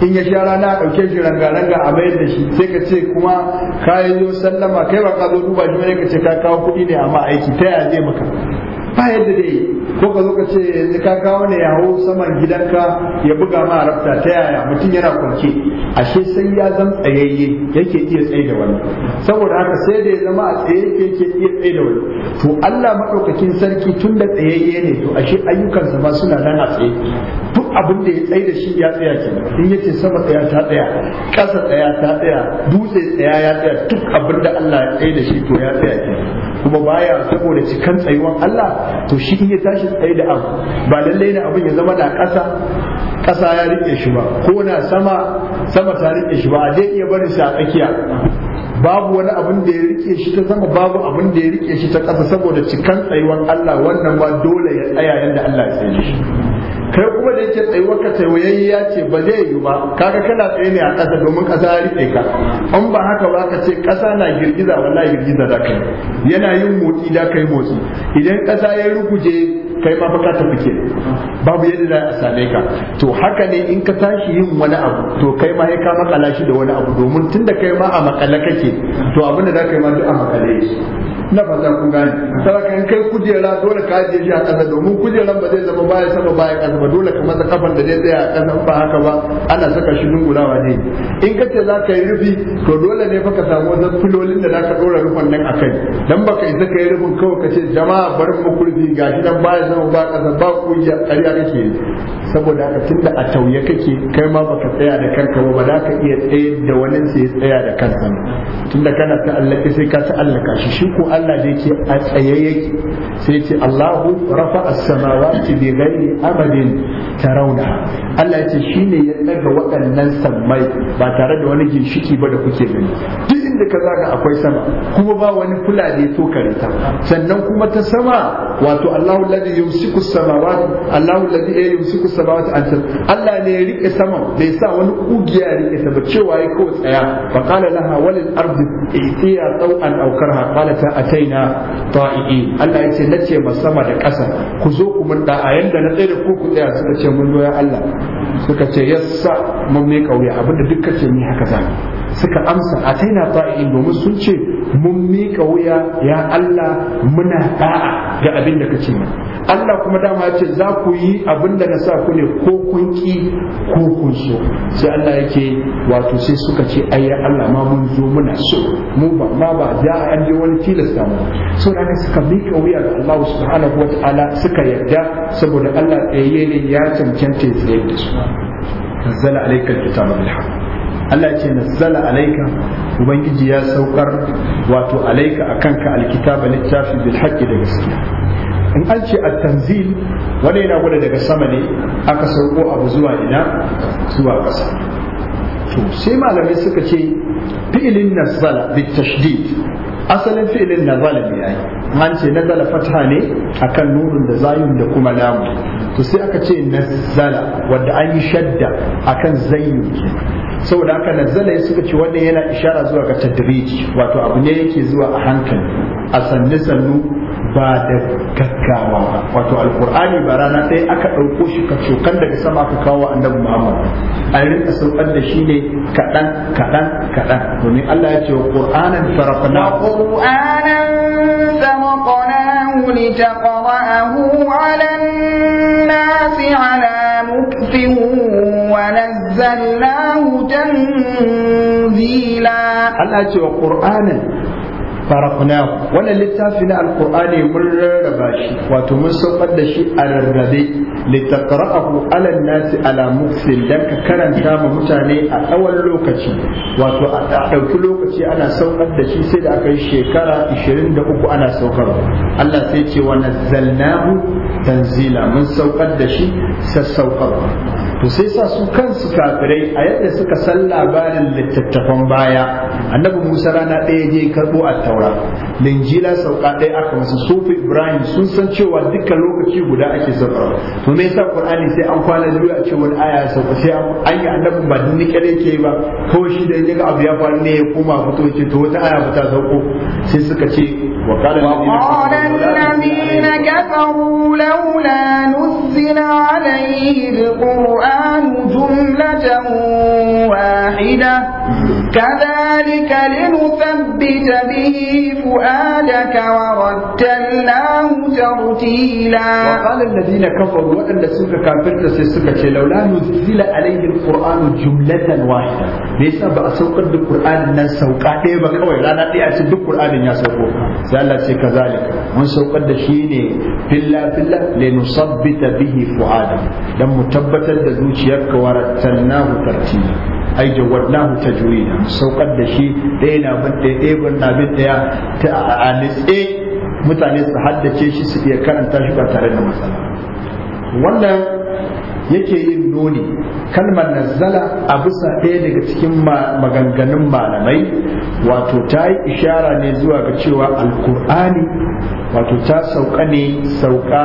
in ya sha rana a ɗauke shi rangaranga a mayar da shi sai ka ce kuma ka yi sallama kai ba ka zo duba shi ne ka ce ka kawo kuɗi ne amma aiki ta yaya zai maka ba yadda dai ko ka zo ka ce yanzu ka kawo ne ya hau saman gidanka ya buga ma rafta ta yaya mutum yana kwance ashe sai ya zama tsayayye yake iya tsaye da wani saboda haka sai da ya zama a tsaye yake iya tsaye da wani to Allah madaukakin sarki tun da tsayayye ne to ashe ayyukansa ba suna nan a tsaye duk abin da ya tsaye da shi ya tsaya ke in yace sama tsaya ta tsaya ƙasa tsaya ta tsaya dutse tsaya ya tsaya duk abin da Allah ya tsaye da shi to ya tsaya ke kuma baya saboda cikan tsayuwan Allah to shi in ya tashi tsaye da abu ba lallai ne abin ya zama na ƙasa ƙasa ya riƙe shi ba ko na sama sama ta riƙe shi ba a dai iya bari sa a tsakiya babu wani abin da ya rike shi ta sama babu abin da ya rike shi ta ƙasa saboda cikan tsayuwan Allah wannan ba dole ya tsaya yadda Allah ya tsaye shi kai kuma da yake tsayuwar ka ya ce ba zai yi ba kaga kana tsaye ne a ƙasa domin ƙasa ya rike ka an ba haka ba ka ce ƙasa na girgiza wala girgiza da kai yana yin motsi da kai motsi idan ƙasa ya ruguje kai ma baka tafi ke babu yadda za a same ka to haka ne in ka tashi yin wani abu to kai ma ka makala shi da wani abu domin tunda kai ma a makale kake to abin da za ka ma duk a makale na fata ku gane saraka in kai kujera dole ka ajiye shi a ƙasa domin kujeran ba zai zama baya sama baya ƙasa ba dole ka masa kafan da zai tsaya a ƙasa ba haka ba ana saka shi gurawa ne in ka ce za ka yi rufi to dole ne fa ka samu wasu filolin da za ka ɗora rufin nan a kai dan baka isa ka yi rufin kawai ka ce jama'a bar mu kurfi shi nan baya sama ba ƙasa ba kujiya ƙarya kake saboda haka tunda a tauye kake kai ma baka tsaya da kanka ba ba za ka iya tsaye da wani sai ya tsaya da kansa tunda kana Allah sai ka ka shi shi ko Allah da yake a tsaye yake sai ce Allahu rafa as-samawati bi ghairi amadin tarawna Allah yace shine ya daga waɗannan sammai ba tare da wani ginshiki ba da kuke gani duk inda ka zaga akwai sama kuma ba wani kula da ya tokare ta sannan kuma ta sama wato Allahu alladhi yumsiku as-samawati Allahu alladhi eh, yumsiku as-samawati an Allah ne ya rike sama bai sa wani kugiya ya rike ta ba cewa ya ko tsaya fa qala laha walil ardi itiya taw'an aw karha qalat ataina ta'i'i Allah ya ce na ce sama da ƙasa ku zo ku mun a yanda na tsere ku ku tsaya suka ce mun doya Allah suka ce yassa mun mai kauya abinda duk ce ni haka za. suka amsa a taina ta'in domin sun ce mun miƙa wuya ya Allah muna da'a ga abin da kace mana Allah kuma dama ya ce za ku yi abin da na sa ku ne ko kun ki ko kun so sai Allah yake wato sai suka ce ai ya Allah ma mun zo muna so mu ba ma ba da an yi wani tilasta mu so da suka miƙa wuya ga Allah subhanahu wataala suka yarda saboda Allah tsaye ne ya cancanta ya tsayar da su nazzala alaikal kitabu bil haqq Allah ce nazzala alaika ubangiji ya saukar wato alaika a ka alkitaba littafi bil haƙƙi da gaske. in an ce a tanzil wani yana gwada daga sama ne aka sauko abu zuwa ina zuwa ƙasa to sai malamai suka ce fi'ilin nazzala bit tashdid asalin na zalabi ya yi an ce nazala fatha ne akan nunun da zayun da kuma lamu to sai aka ce na zala wadda an yi shadda akan da saboda na zala ya suka ce wannan yana ishara zuwa ga tadriji wato abu ne yake zuwa a hankali a sannu sannu ba da gaggawa ba wato alkur'ani ba rana ɗaya aka ɗauko shi ka cokan daga sama ka kawo annabi muhammad an rinka saukar da shi ne kaɗan kaɗan kaɗan domin allah ya ce wa qur'anan farafana qur'anan sabaqnahu litaqra'ahu 'ala an-nasi 'ala mukfin wa nazzalnahu tanzila allah ya ce wa qur'anan faraqna wannan littafi na alkur'ani mun rarraba shi wato mun saukar da shi a rarrabe litaqra'ahu 'ala nasi ala mufsil dan ka karanta ma mutane a tsawon lokaci wato a ɗauki lokaci ana saukar da shi sai da aka yi shekara 23 ana saukar. Allah sai ce wa nazzalnahu tanzila mun saukar da shi sassaukarwa to sai sa su kansu kafirai a yadda suka san labarin littattafan baya annabi musa rana ɗaya je karɓo a taura linjila sauka ɗaya aka masu sufi ibrahim sun san cewa duka lokaci guda ake sauka to me yasa qur'ani sai an kwana biyu a ce wani aya sauka sai an yi annabi ba dinni kare yake ba ko shi da yake abu ya faru ne ya koma fito ce to wata aya ba ta sauko sai suka ce wa qala alladhina kafaru laula nuzila alayhi alquran القرآن جملة واحدة كذلك لنثبت به فؤادك ورتلناه ترتيلا وقال الذين كفروا وأن ce كافرت سيسوك لولا نزل عليه القرآن جملة واحدة ليس بأسوق القرآن نان سوقا ɗaya ba kawai rana ɗaya a ce duk Qur'anin ya sauko sai kazali mun saukar da shi ne filla filla linusabbita bihi dan mu tabbatar da zuciyarka warattalnahu tartila ai jawadnahu tajwida saukar da shi ɗaya na bin ɗaya ɗaya na bin ɗaya ta a mutane su haddace shi su iya karanta shi ba tare da matsala wannan yake yin nuni kalmar nazzala a bisa ɗaya daga cikin maganganun malamai wato ta yi ishara ne zuwa ga cewa alkur'ani wato ta sauka ne sauka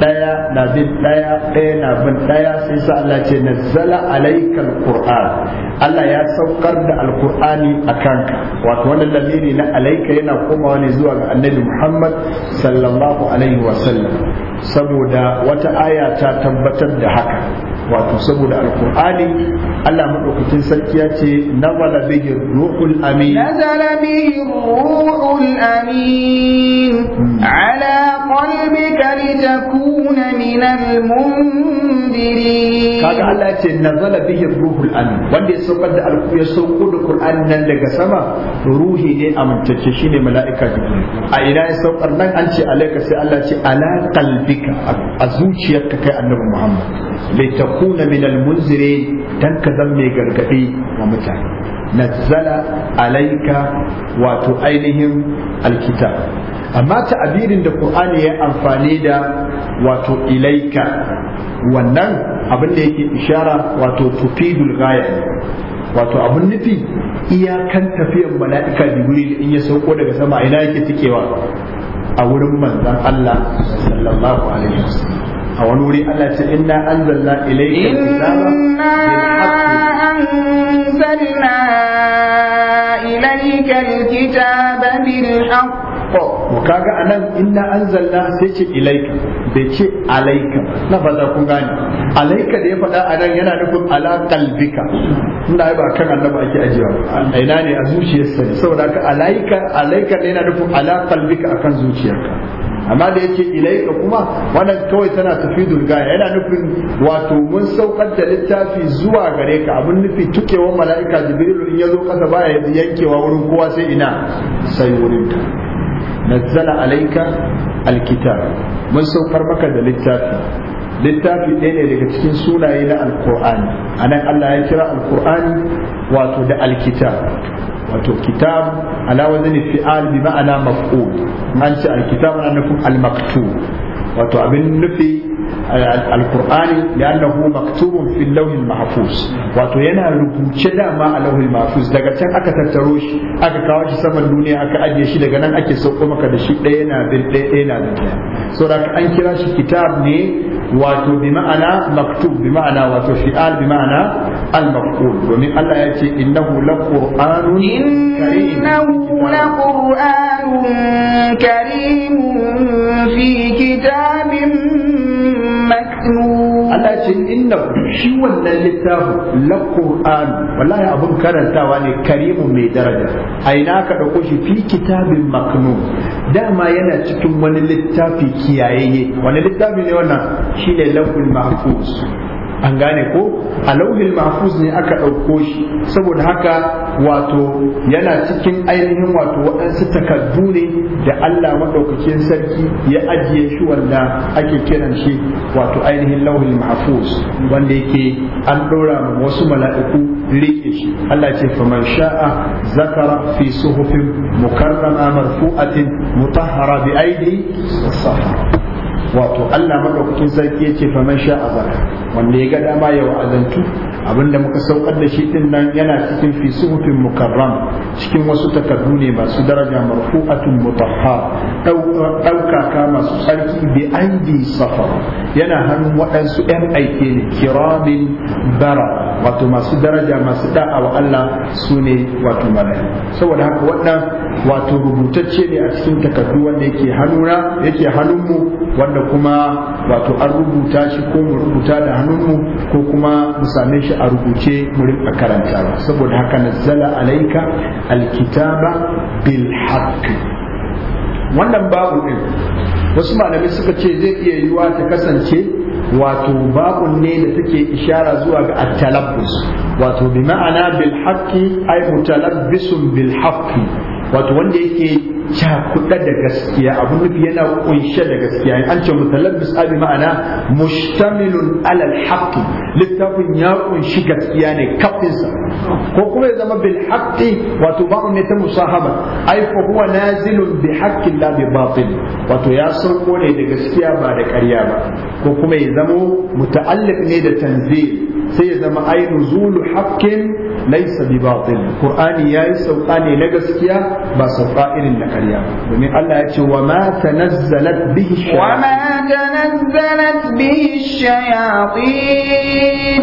ɗaya na bin ɗaya ɗaya na bin ɗaya sai sa Allah ce nazzala alaika alquran Allah ya saukar da alqurani a kanka wato wannan lamiri na alaika yana komawa ne zuwa ga annabi Muhammad sallallahu alaihi wasallam saboda wata aya ta tabbatar da haka wato saboda alkur'ani Allah madaukakin sarki ya ce nazala bihi ruhul amin nazala bihi ruhul amin hmm. ala قلبك لتكون من المنذرين kaga Allah ce nazala bihi ruhul amin wanda ya saukar da alku ya sauko da Qur'an nan daga sama ruhi ne amintacce shine mala'ika jibril a ina ya saukar nan an ce alaika sai Allah ce ala qalbika a zuciyarka kai annabi Muhammad bai takuna min almunzire dan ka zan mai gargadi wa mutane nazzala alaika wato ainihin alkitab amma ta'abirin da qur'ani ya amfani da wato ilaika wannan abin da yake ishara wato tufidul gaya. wato abun nufi iyakan tafiyar mala'ika jibril in ya sauko daga sama ina yake tikewa a wurin manzon Allah sallallahu alaihi wasallam a wani wuri Allah ce inna anzalna ilayka kitaba anzalna ilayka alkitaba bil haqq to kaga anan inna anzalna sai ce ilaika bai ce alaika na fata kun gane alaika da ya faɗa anan yana nufin ala qalbika inda ai ba kan annaba ake ajiya A ina ne a zuciyarsa ne saboda ka alaika alaika ne yana nufin ala qalbika akan zuciyarka amma da yake ilaika kuma wannan kawai tana tafidul durga yana nufin wato mun saukar da littafi zuwa gare ka abin nufi tukewar mala'ika jibrilu in ya zo kasa baya yankewa wurin kowa sai ina sai wurin ta nazzala alaika alkitab mun saukar maka da littafi littafi ɗaya ne daga cikin sunaye na alkur'ani anan Allah ya kira alkur'ani wato da alkitab wato kitab ala wazni fi'al bi ma'ana maf'ul an ce alkitab ana nufin almaktub wato abin nufi alqur'ani li'annahu maktubun fil lawhil mahfuz wato yana rubuce dama a lawhil mahfuz daga can aka tattaro shi aka kawo shi saman duniya aka ajiye shi daga nan ake sauko maka da shi ɗaya na bin ɗaya bin ɗaya so da an kira shi kitab ne wato bi ma'ana maktub bi ma'ana wato fi'al bi ma'ana al-maqul domin Allah ya ce innahu laqur'anun innahu laqur'anun maknun Allah ce inna shi wannan littafin la qur'an wallahi abun karantawa ne karimu mai daraja a ina ka dauko shi fi kitabin maknun dama yana cikin wani littafi kiyayeye wani littafi ne wannan shine laful mahfuz an gane ko a lauhin mahfuz ne aka ɗauko shi saboda haka wato yana cikin ainihin wato waɗansu takardu ne da Allah maɗaukakin sarki ya ajiye shi wanda ake kiran shi wato ainihin lauhin mahfuz wanda yake an ɗora ma wasu mala'iku riƙe shi Allah ce faman sha'a zakara fi suhufin mukarrama marfu'atin mutahhara bi aidi wa wato Allah madaukakin sarki yace fa man sha azaka wanda ya ga dama ya wa'azantu abinda muka saukar da shi din nan yana cikin fi suhufin mukarram cikin wasu takardu ne masu daraja marfu'atun mutahhar ɗaukaka masu sarki bi aidi safar yana hannun waɗansu ƴan aike ne kiramin bara wato masu daraja masu da'a wa Allah su ne wato mala'iku saboda haka waɗannan wato rubutacce ne a cikin takardu wanda yake hannuna yake hannunmu wanda kuma wato an rubuta shi ko mu rubuta da hannunmu ko kuma mu same shi a rubuce mu rinka karanta saboda haka nazzala alaika alkitaba bil haqqi wannan babu din wasu malamai suka ce zai iya yiwa ta kasance wato babun ne da take ishara zuwa ga at-talabbus wato bi ma'ana bil haqqi ay mutalabbisun bil haqqi wato wanda yake cakuɗa da gaskiya abu nufi yana kunshe da gaskiya an ce mutalabbis abi ma'ana mushtamilun alal haqqi littafin ya kunshi gaskiya ne kafinsa ko kuma ya zama bil haqqi wato ba'un ne ta musahaba ai fa huwa nazilun bi haqqi la bi batil wato ya sauko ne da gaskiya ba da ƙarya ba ko kuma ya zamo muta'alliq ne da tanzil sai ya zama ai nuzulu haqqin laysa bi batil qur'ani yayi sauka ne na gaskiya ba sauka irin na ƙarya domin Allah ya ce wa ma tanazzalat bihi shayatin wa ma tanazzalat bihi shayatin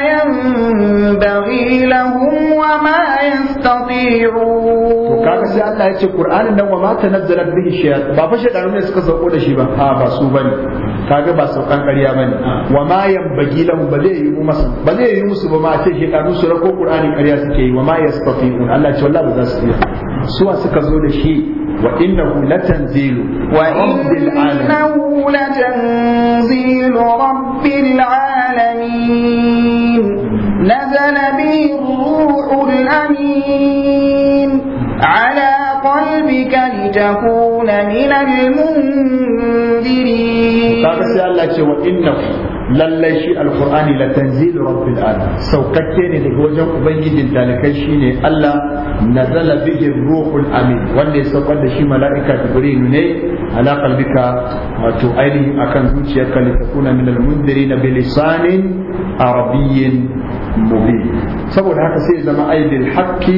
yanbaghi lahum wa ma yastati'un to kaga sai Allah ya ce qur'anin nan wa ma tanazzalat bihi shayatin ba fa shaytanu ne suka sauko da shi ba a ba su bane kaga ba saukan ƙarya bane ah. wa ma yanbaghi lahum ba zai yi musu ba zai yi musu ba ma ce shekaru su rako qur'ani ƙarya suke yi wa ma yastati'un Allah ce wallahi ba za su iya suwa suka zo da shi wa innahu latanzilu wa innahu latanzilu rabbil alamin nazala bihi ruhul amin ala قلبك لتكون من المنذرين kaga sai Allah ce wa innahu lallai shi alqur'ani la tanzil rabbil alamin saukakke ne daga wajen ubangijin talakai shine Allah nazala bihi ruhul amin wanda ya saukar da shi mala'ika jibrilu ne ala qalbika wato ainihin akan zuciyar zuciyarka litakuna min almunzirina bilisanin arabiyyin mubin saboda haka sai zama aidil haqqi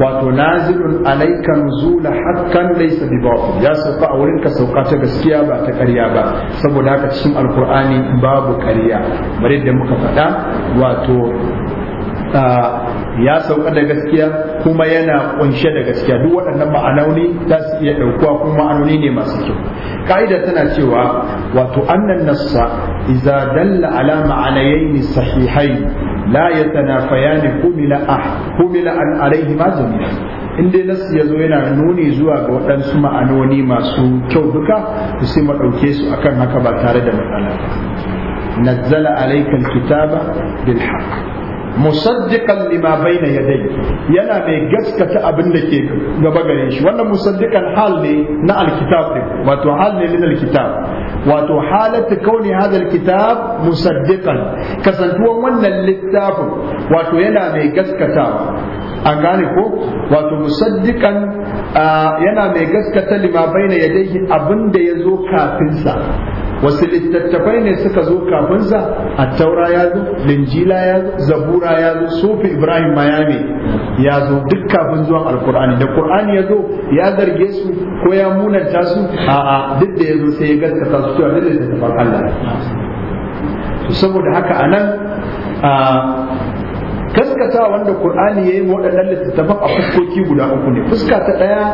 wato nazilun alayka nuzula haqqan laysa bi batil ya sauka a wurinka sauka ta gaskiya ba ta ƙarya ba saboda haka cikin alqur'ani babu ƙarya bare muka faɗa wato ah, ya sauka da gaskiya kuma yana kunshe da gaskiya duk waɗannan ma'anoni za su iya ɗaukuwa kuma ma'anoni ne masu kyau ka'idar tana cewa wato annan nassa iza dalla ala ma'anayaini sahihai la yatanafayani kumila ah kumila an alaihi ma zamina in dai nassi ya zo yana nuni zuwa ga waɗansu ma'anoni masu kyau duka to sai mu ɗauke su akan haka ba tare da matsala ba nazzala alaikal kitaba bil musaddiqan lima bayna yadayhi yana mai gaskata abin da ke gaba gare shi wannan musaddiqan hal ne na alkitab ne. wato hal ne min alkitab wato halat kauni hadha alkitab musaddiqan kasantuwan wannan littafin wato yana mai gaskatawa an gane ko wato musaddiqan ah, yana mai gaskata lima bayna yadayhi abin da yazo kafin sa wasu littattafai ne suka zo kafin sa attaura ya zo linjila ya zo zabura ya zo sufi ibrahim mayami ya zo duk kafin zuwan alkur'ani da qur'ani ya zo ya zarge su ko ya munanta su a'a duk da ya zo sai ya gaskata su cewa lalle littattafan Allah saboda haka anan gaskata wanda Qur'ani ya yi waɗannan littattafan a fuskoki guda uku ne fuska ta ɗaya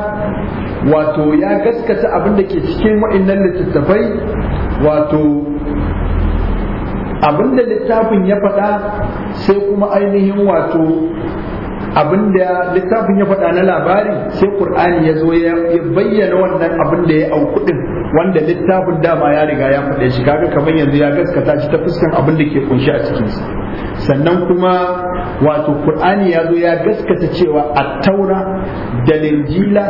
wato ya gaskata abin da ke cikin waɗannan littattafai wato abinda littafin ya faɗa sai kuma ainihin wato abinda littafin ya faɗa na labari, sai ƙur'ani ya zo ya bayyana wannan abin da ya auku wanda littafin dama ya riga ya faɗe shi kaga kamar yanzu ya gaskata shi ta fuskan abin da ke kunshi a cikinsa sannan kuma wato qur'ani ya zo ya gaskata cewa attaura da linjila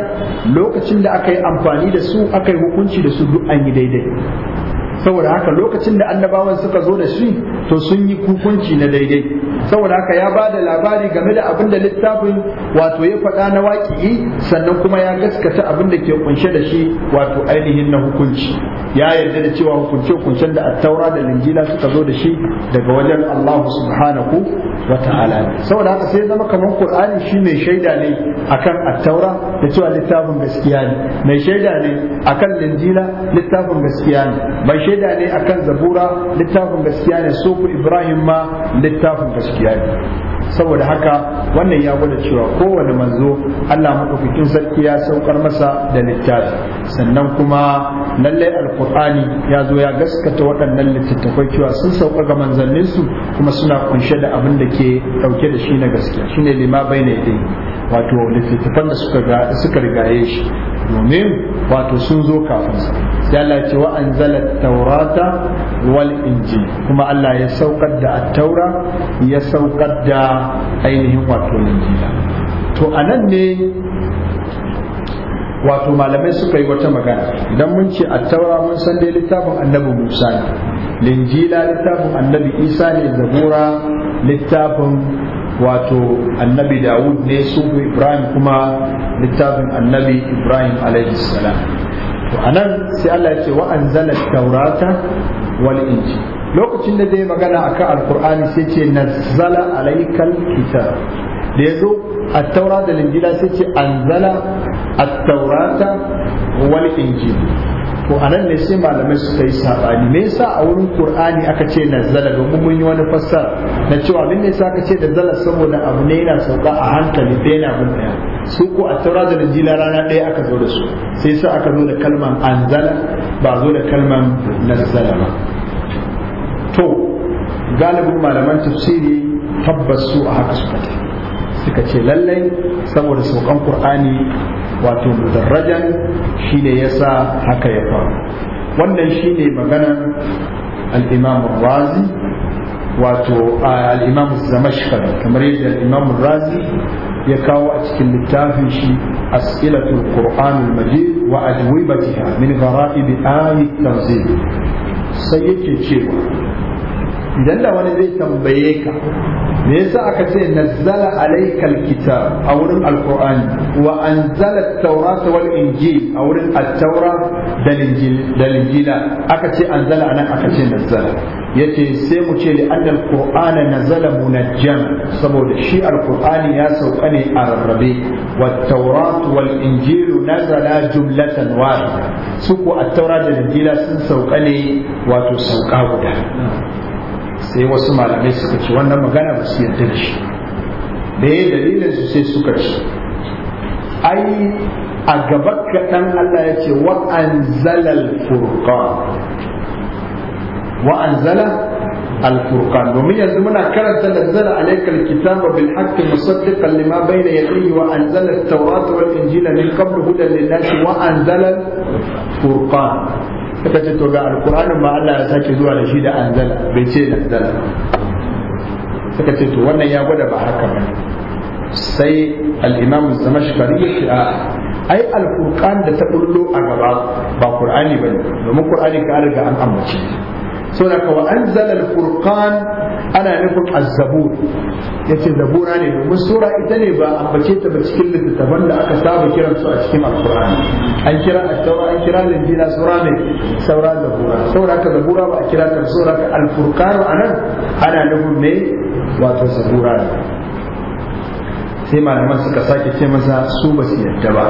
lokacin da aka yi amfani da su aka yi hukunci da su duk an yi daidai saboda haka lokacin da annabawan suka zo da shi to sun yi kukunci na daidai saboda haka ya ba da labari game da abin da littafin wato ya faɗa na waƙi'i sannan kuma ya gaskata abin da ke kunshe da shi wato ainihin na hukunci ya yarda da cewa hukunce hukuncen da attaura da linjila suka zo da shi daga wajen Allah subhanahu wa ta'ala saboda haka sai zama kamar Qur'ani shine shaida ne akan attaura da cewa littafin gaskiya ne mai shaida ne akan linjila littafin gaskiya ne mai shaida ne akan zabura littafin gaskiya ne ku Ibrahim ma littafin gaskiya gaskiya ne saboda haka wannan ya gwada cewa kowane manzo Allah maɗaukakin sarki ya saukar masa da littafi sannan kuma lallai alkur'ani ya zo ya gaskata waɗannan littattafai cewa sun sauka ga manzanninsu kuma suna kunshe da abin da ke ɗauke da shi na gaskiya shine lima bai ne wato littattafan da suka rigaye shi domin wato sun zo kafin su sai Allah ya ce wa anzala taurata wal injil kuma Allah ya saukar da at-taura ya saukar da ainihin wato injila to anan ne wato malamai suka yi wata magana idan mun ce taura mun san dai littafin annabi musa ne linjila littafin annabi isa ne zabura littafin wato annabi dawud ne su ibrahim kuma littafin annabi ibrahim alaihi salam to anan sai Allah ya ce wa anzala taurata wal inji lokacin da zai magana akan alqur'ani sai ce nazala alaikal kitab da yazo at-taura da sai ce anzala at-taurata wal inji to anan ne sai malamai suka yi sabani me yasa a wurin qur'ani aka ce nazala ga mun yi wani fassar na cewa me ne aka ce zala saboda abu ne yana sauka a hankali da yana gun daya su ko a taura da rana ɗaya aka zo da su sai sa aka zo da kalman anzala ba zo da kalman nazala ba to galibin malaman tafsiri tabbas su a haka suka tafi suka ce lallai saboda saukan Kur'ani wato mudarrajan ya yasa haka ya faru wannan shine maganar al-imam razi wato al-imam kamar yadda al razi ya kawo a cikin littafin shi as'ilatul qur'anul majid wa ajwibatiha min gharaib ayat tanzil sai yake cewa idan da wani zai tambaye ka me yasa aka ce nazzala alayka alkitab a wurin alqur'ani wa anzala at-taurata wal injil a wurin at-taura da injil da aka ce anzala anan aka ce nazzala yace sai mu ce da annal qur'ana nazala munajjam saboda shi alqur'ani ya sauka ne a rarrabe wat taurat wal injil nazala jumlatan wahida su ko at-taura da injila sun sauka ne wato sauka guda sai wasu malamai suka ce wannan magana ba su yarda da shi da ya dalilin su sai suka ce ai a gaba kaɗan Allah ya ce wa anzalal furqan wa al furqan domin yanzu muna karanta nazzala alaykal kitaba bil haqqi musaddiqan lima bayna yadayhi wa anzala at-taurata wal injila min qabl hudan lin-nasi wa furqan suka ce to ga alkur'anin ma Allah ya sake zuwa da shi da anzala bai ce nazala suka ce to wannan ya gwada ba haka ba sai al-imam zamashkari ya ce a ai alkur'an da ta bullo a gaba ba qur'ani bane domin qur'ani ka riga an ambace saboda ka wa anzala al ana nufin az-zabur yace zabura ne domin sura ita ne ba a bace ta ba cikin littattafan da aka saba kiran su a cikin alqur'ani an kira at-taura an kira linjila sura ne saura zabura saboda ka zabura ba a kira ta sura ka al-furqan anan ana nufin ne wato zabura ne. sai malaman suka sake ce masa su ba su yadda ba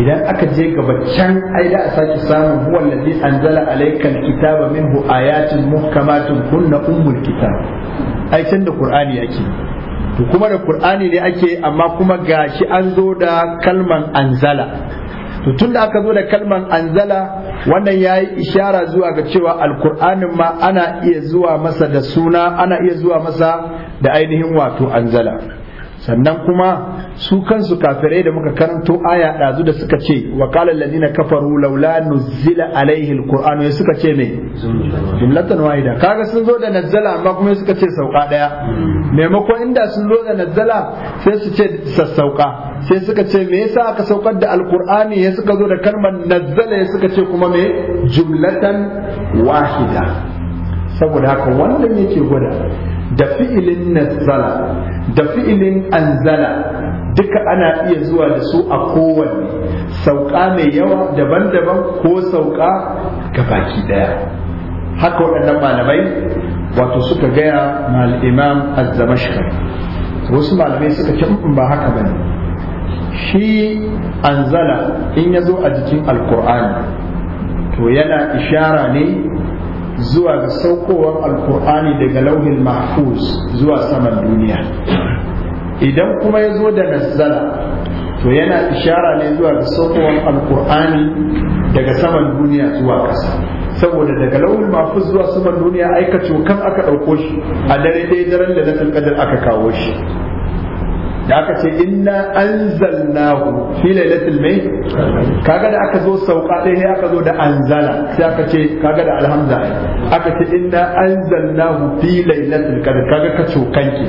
idan aka je gaba can ai da a sake samun huwa allazi anzala alayka alkitaba minhu ayatin muhkamatun kunna ummul kitab ai can da qur'ani ake to kuma da qur'ani ne ake amma kuma gashi an zo da kalman anzala to tun da aka zo da kalman anzala wannan ya yi ishara zuwa ga cewa alkur'anin ma ana iya zuwa masa da suna ana iya zuwa masa da ainihin wato anzala sannan kuma su kansu kafirai da muka karanto aya ɗazu da suka ce wa qala allazina kafaru laula nuzila alaihi alqur'anu ya suka ce me jumlatan wahida kaga sun zo da nazzala amma kuma suka ce sauka daya maimakon inda sun zo da nazzala sai su ce sassauka sai suka ce me yasa aka saukar da alqur'ani ya suka zo da kalmar nazzala ya suka ce kuma me jumlatan wahida saboda haka wannan yake gwada da fi'ilin nazzala da fi'ilin anzala duka ana iya zuwa da su a kowanne sauka mai yawa daban-daban ko sauka ga baki daya haka waɗannan malamai wato suka gaya mal'imam azzamashkar wasu malamai suka ce mm, ba haka bane shi anzala in ya zo a jikin alkur'ani to yana ishara ne zuwa ga saukowar alkur'ani daga lauhin mahfuz zuwa saman duniya idan kuma ya zo da nazzala to yana ishara ne zuwa ga saukowar alkur'ani daga saman duniya zuwa ƙasa saboda daga lauhin mahfuz zuwa saman duniya aikacin kan aka ɗauko shi a dare dai daren da na kadar aka kawo shi da aka ce inna anzalnahu fi lailatul mai kaga da aka zo sauka dai ne aka zo da anzala sai aka ce kaga da alhamza aka ce inna anzalnahu fi lailatul qadr kaga ka cokanki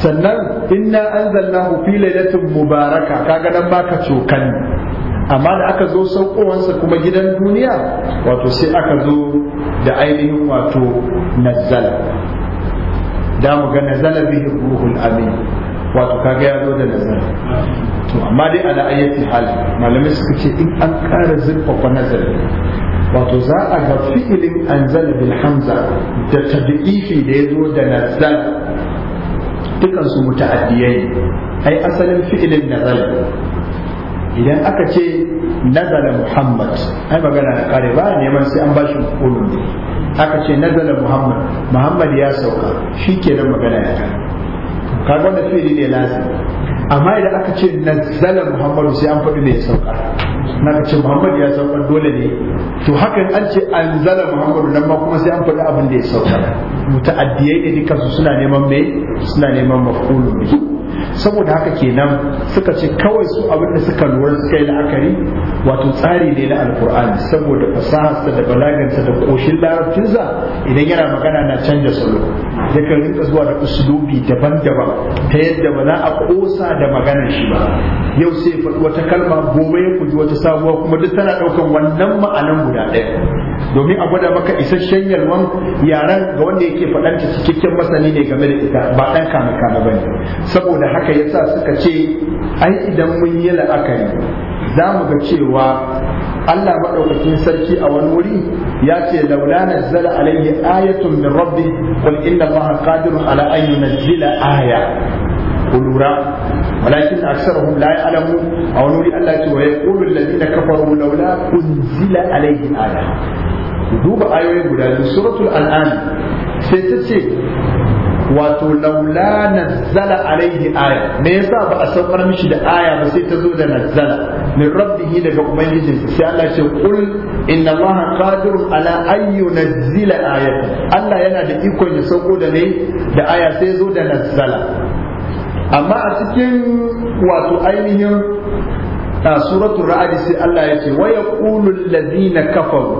sannan inna anzalnahu fi lailatul mubaraka kaga nan baka cokan amma da aka zo saukowansa kuma gidan duniya wato sai aka zo da ainihin wato nazzala da mu ga nazala bihi ruhul amin wato kaga ya zo da nazala to amma dai ala ayati hal malamai suka ce in an ƙara zurfafa nazari wato za a ga fi'ilin anzal bil hamza da tad'ifi da ya zo da nazal dukan su muta'addiyai ai asalin fi'ilin nazal idan aka ce nazala muhammad ai magana da kare ba neman sai an bashi hukumun ne aka ce nazala muhammad muhammad ya sauka shi kenan magana ya ta kaga wanda fili ne lazim amma idan aka ce nazala muhammadu sai an faɗi ne ya sauka na ka ce muhammad ya sauka dole ne to hakan an ce anzala muhammadu nan ma kuma sai an faɗi abin da ya sauka muta'addiyai ne dukansu suna neman mai suna neman maf'ulun bihi saboda haka kenan suka ce kawai su abin da suka lura suka yi la'akari wato tsari ne na alkur'ani saboda su da balaganta da koshin larabcinsa idan yana magana na canja salo zai kan rinka zuwa da usulubi daban-daban ta yadda ba za a kosa da maganar shi ba yau sai faɗi wata kalma gobe ya kuji wata sabuwa kuma duk tana ɗaukar wannan ma'anan guda ɗaya domin a gwada maka isasshen yalwan yaren ga wanda yake faɗanta cikakken masani ne game da ita ba ɗan kame kame ba ne saboda haka ya sa suka ce ai idan mun yi la'akari za mu ga cewa Allah maɗaukakin sarki a wani wuri ya ce laula nazzala alaihi ayatun min rabbi qul inna allaha qadirun ala an yunzila aya kulura ولكن أكثرهم لا يعلمون أو نري الله ويقول الذين كفروا لولا أنزل عليه آية duba ayoyin guda biyu suratul an'am sai ta ce wato laula nazzala alaihi aya me yasa ba a saukar mishi da aya ba sai ta zo da nazzala min rabbihi daga ubangijin sai Allah ya ce inna allaha qadir ala an yunzila ayat Allah yana da ikon ya sauko da ne da aya sai zo da nazzala amma a cikin wato ainihin a suratul ra'd sai Allah ya ce wa yaqulu allazina kafaru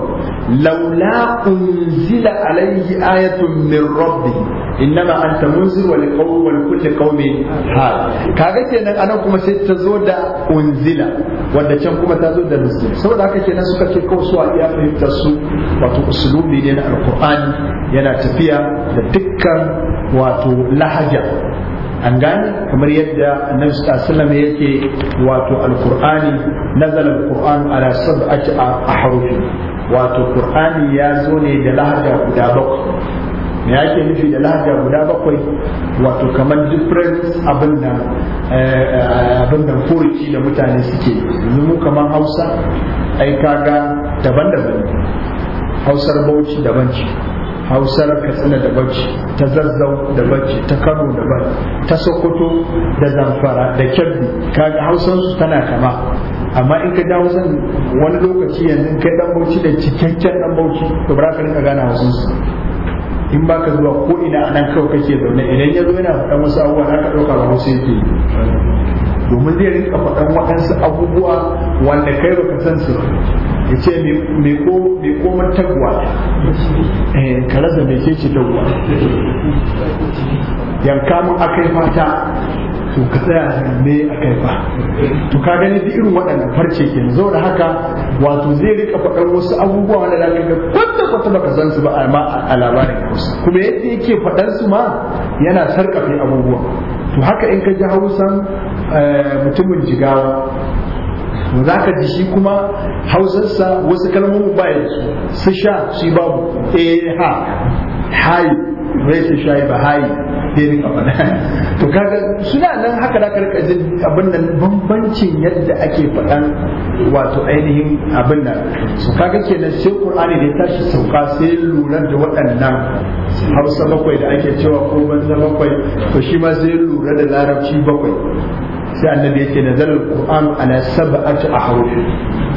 laula unzila alayhi ayatun min rabbih innama anta munzir wa liqawmi wa likulli qaumin hal kaga kenan anan kuma sai ta zo da unzila wanda can kuma ta zo da nuzul saboda haka kenan suka ce kawai su a iya fahimtar su wato usulubi ne na alqur'ani yana tafiya da dukkan wato lahaja an gane kamar yadda annabi sallallahu alaihi yake wato alqur'ani nazal alqur'an ala sab'ati ahrufi wato qur'ani ya zo ne da lahaja guda bakwai me yake nufi da lahaja guda bakwai wato kamar different abin da eh, furuci da mutane suke yanzu kamar Hausa ai kaga daban-daban Hausar Bauchi daban ce hausar katsina da bacci ta zazzau da bacci ta kano da bacci ta sokoto da zamfara da kyabbi kaga hausar su tana kama amma in ka dawo san wani lokaci yanzu kai dan bauchi da cikakken dan bauchi to ba ka rinka gana su in ba ka zuwa ko ina a nan kawai kake zaune idan ya zo yana faɗan wasu abubuwa na ka ɗauka ba hausar yake domin zai rinka faɗan waɗansu abubuwa wanda kai baka san su ya ce mai komar tagwa eh, ka rasa mai ce ce tagwa yanka mun akai fata to ka tsaya ne a kai fa to ka gani duk irin waɗannan farce ke zo da haka wato zai rika faɗar wasu abubuwa wanda da ka ga kwata kwata baka san su ba a labarin Hausa kuma yadda yake faɗar su ma yana sarkafe abubuwa to haka in ka ji Hausan eh, mutumin jigawa za ka ji shi kuma hausarsa wasu kalmomin bayan su sha shi babu eh ha hayi rashin shayi ba hayi ya kafa na to kaga suna nan haka da karka jin abin nan bambancin yadda ake faɗan wato ainihin abin nan su kaga kenan sai qur'ani da ya tashi sauka sai lura da waɗannan hausa bakwai da ake cewa ko banza bakwai to shi ma sai lura da larabci bakwai sai annabi yake da zalal qur'an ala sab'ati ahruf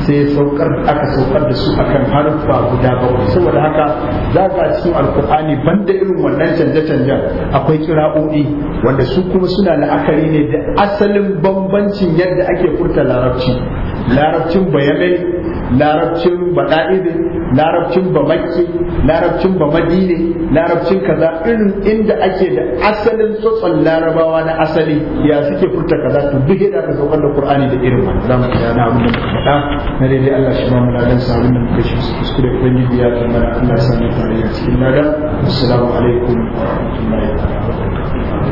sai saukar aka saukar da su akan harfa guda bakwai saboda haka za ka cikin alqur'ani banda irin wannan canje canjen akwai kira'o'i wanda su kuma suna la'akari ne da asalin bambancin yadda ake furta larabci larabcin bayanai larabcin baɗaɗi larabcin makki larabcin madine larabcin kaza irin inda ake da asalin tsotson larabawa na asali ya suke furta kaza to duk yadda aka saukar da qur'ani da irin wannan zamu ga na abin da faɗa na dai Allah shi ba mu ladan sabon da muka shi kuskure ubangiji ya tsammana Allah ya samu tarayya cikin lada assalamu alaikum wa rahmatullahi wa barakatuh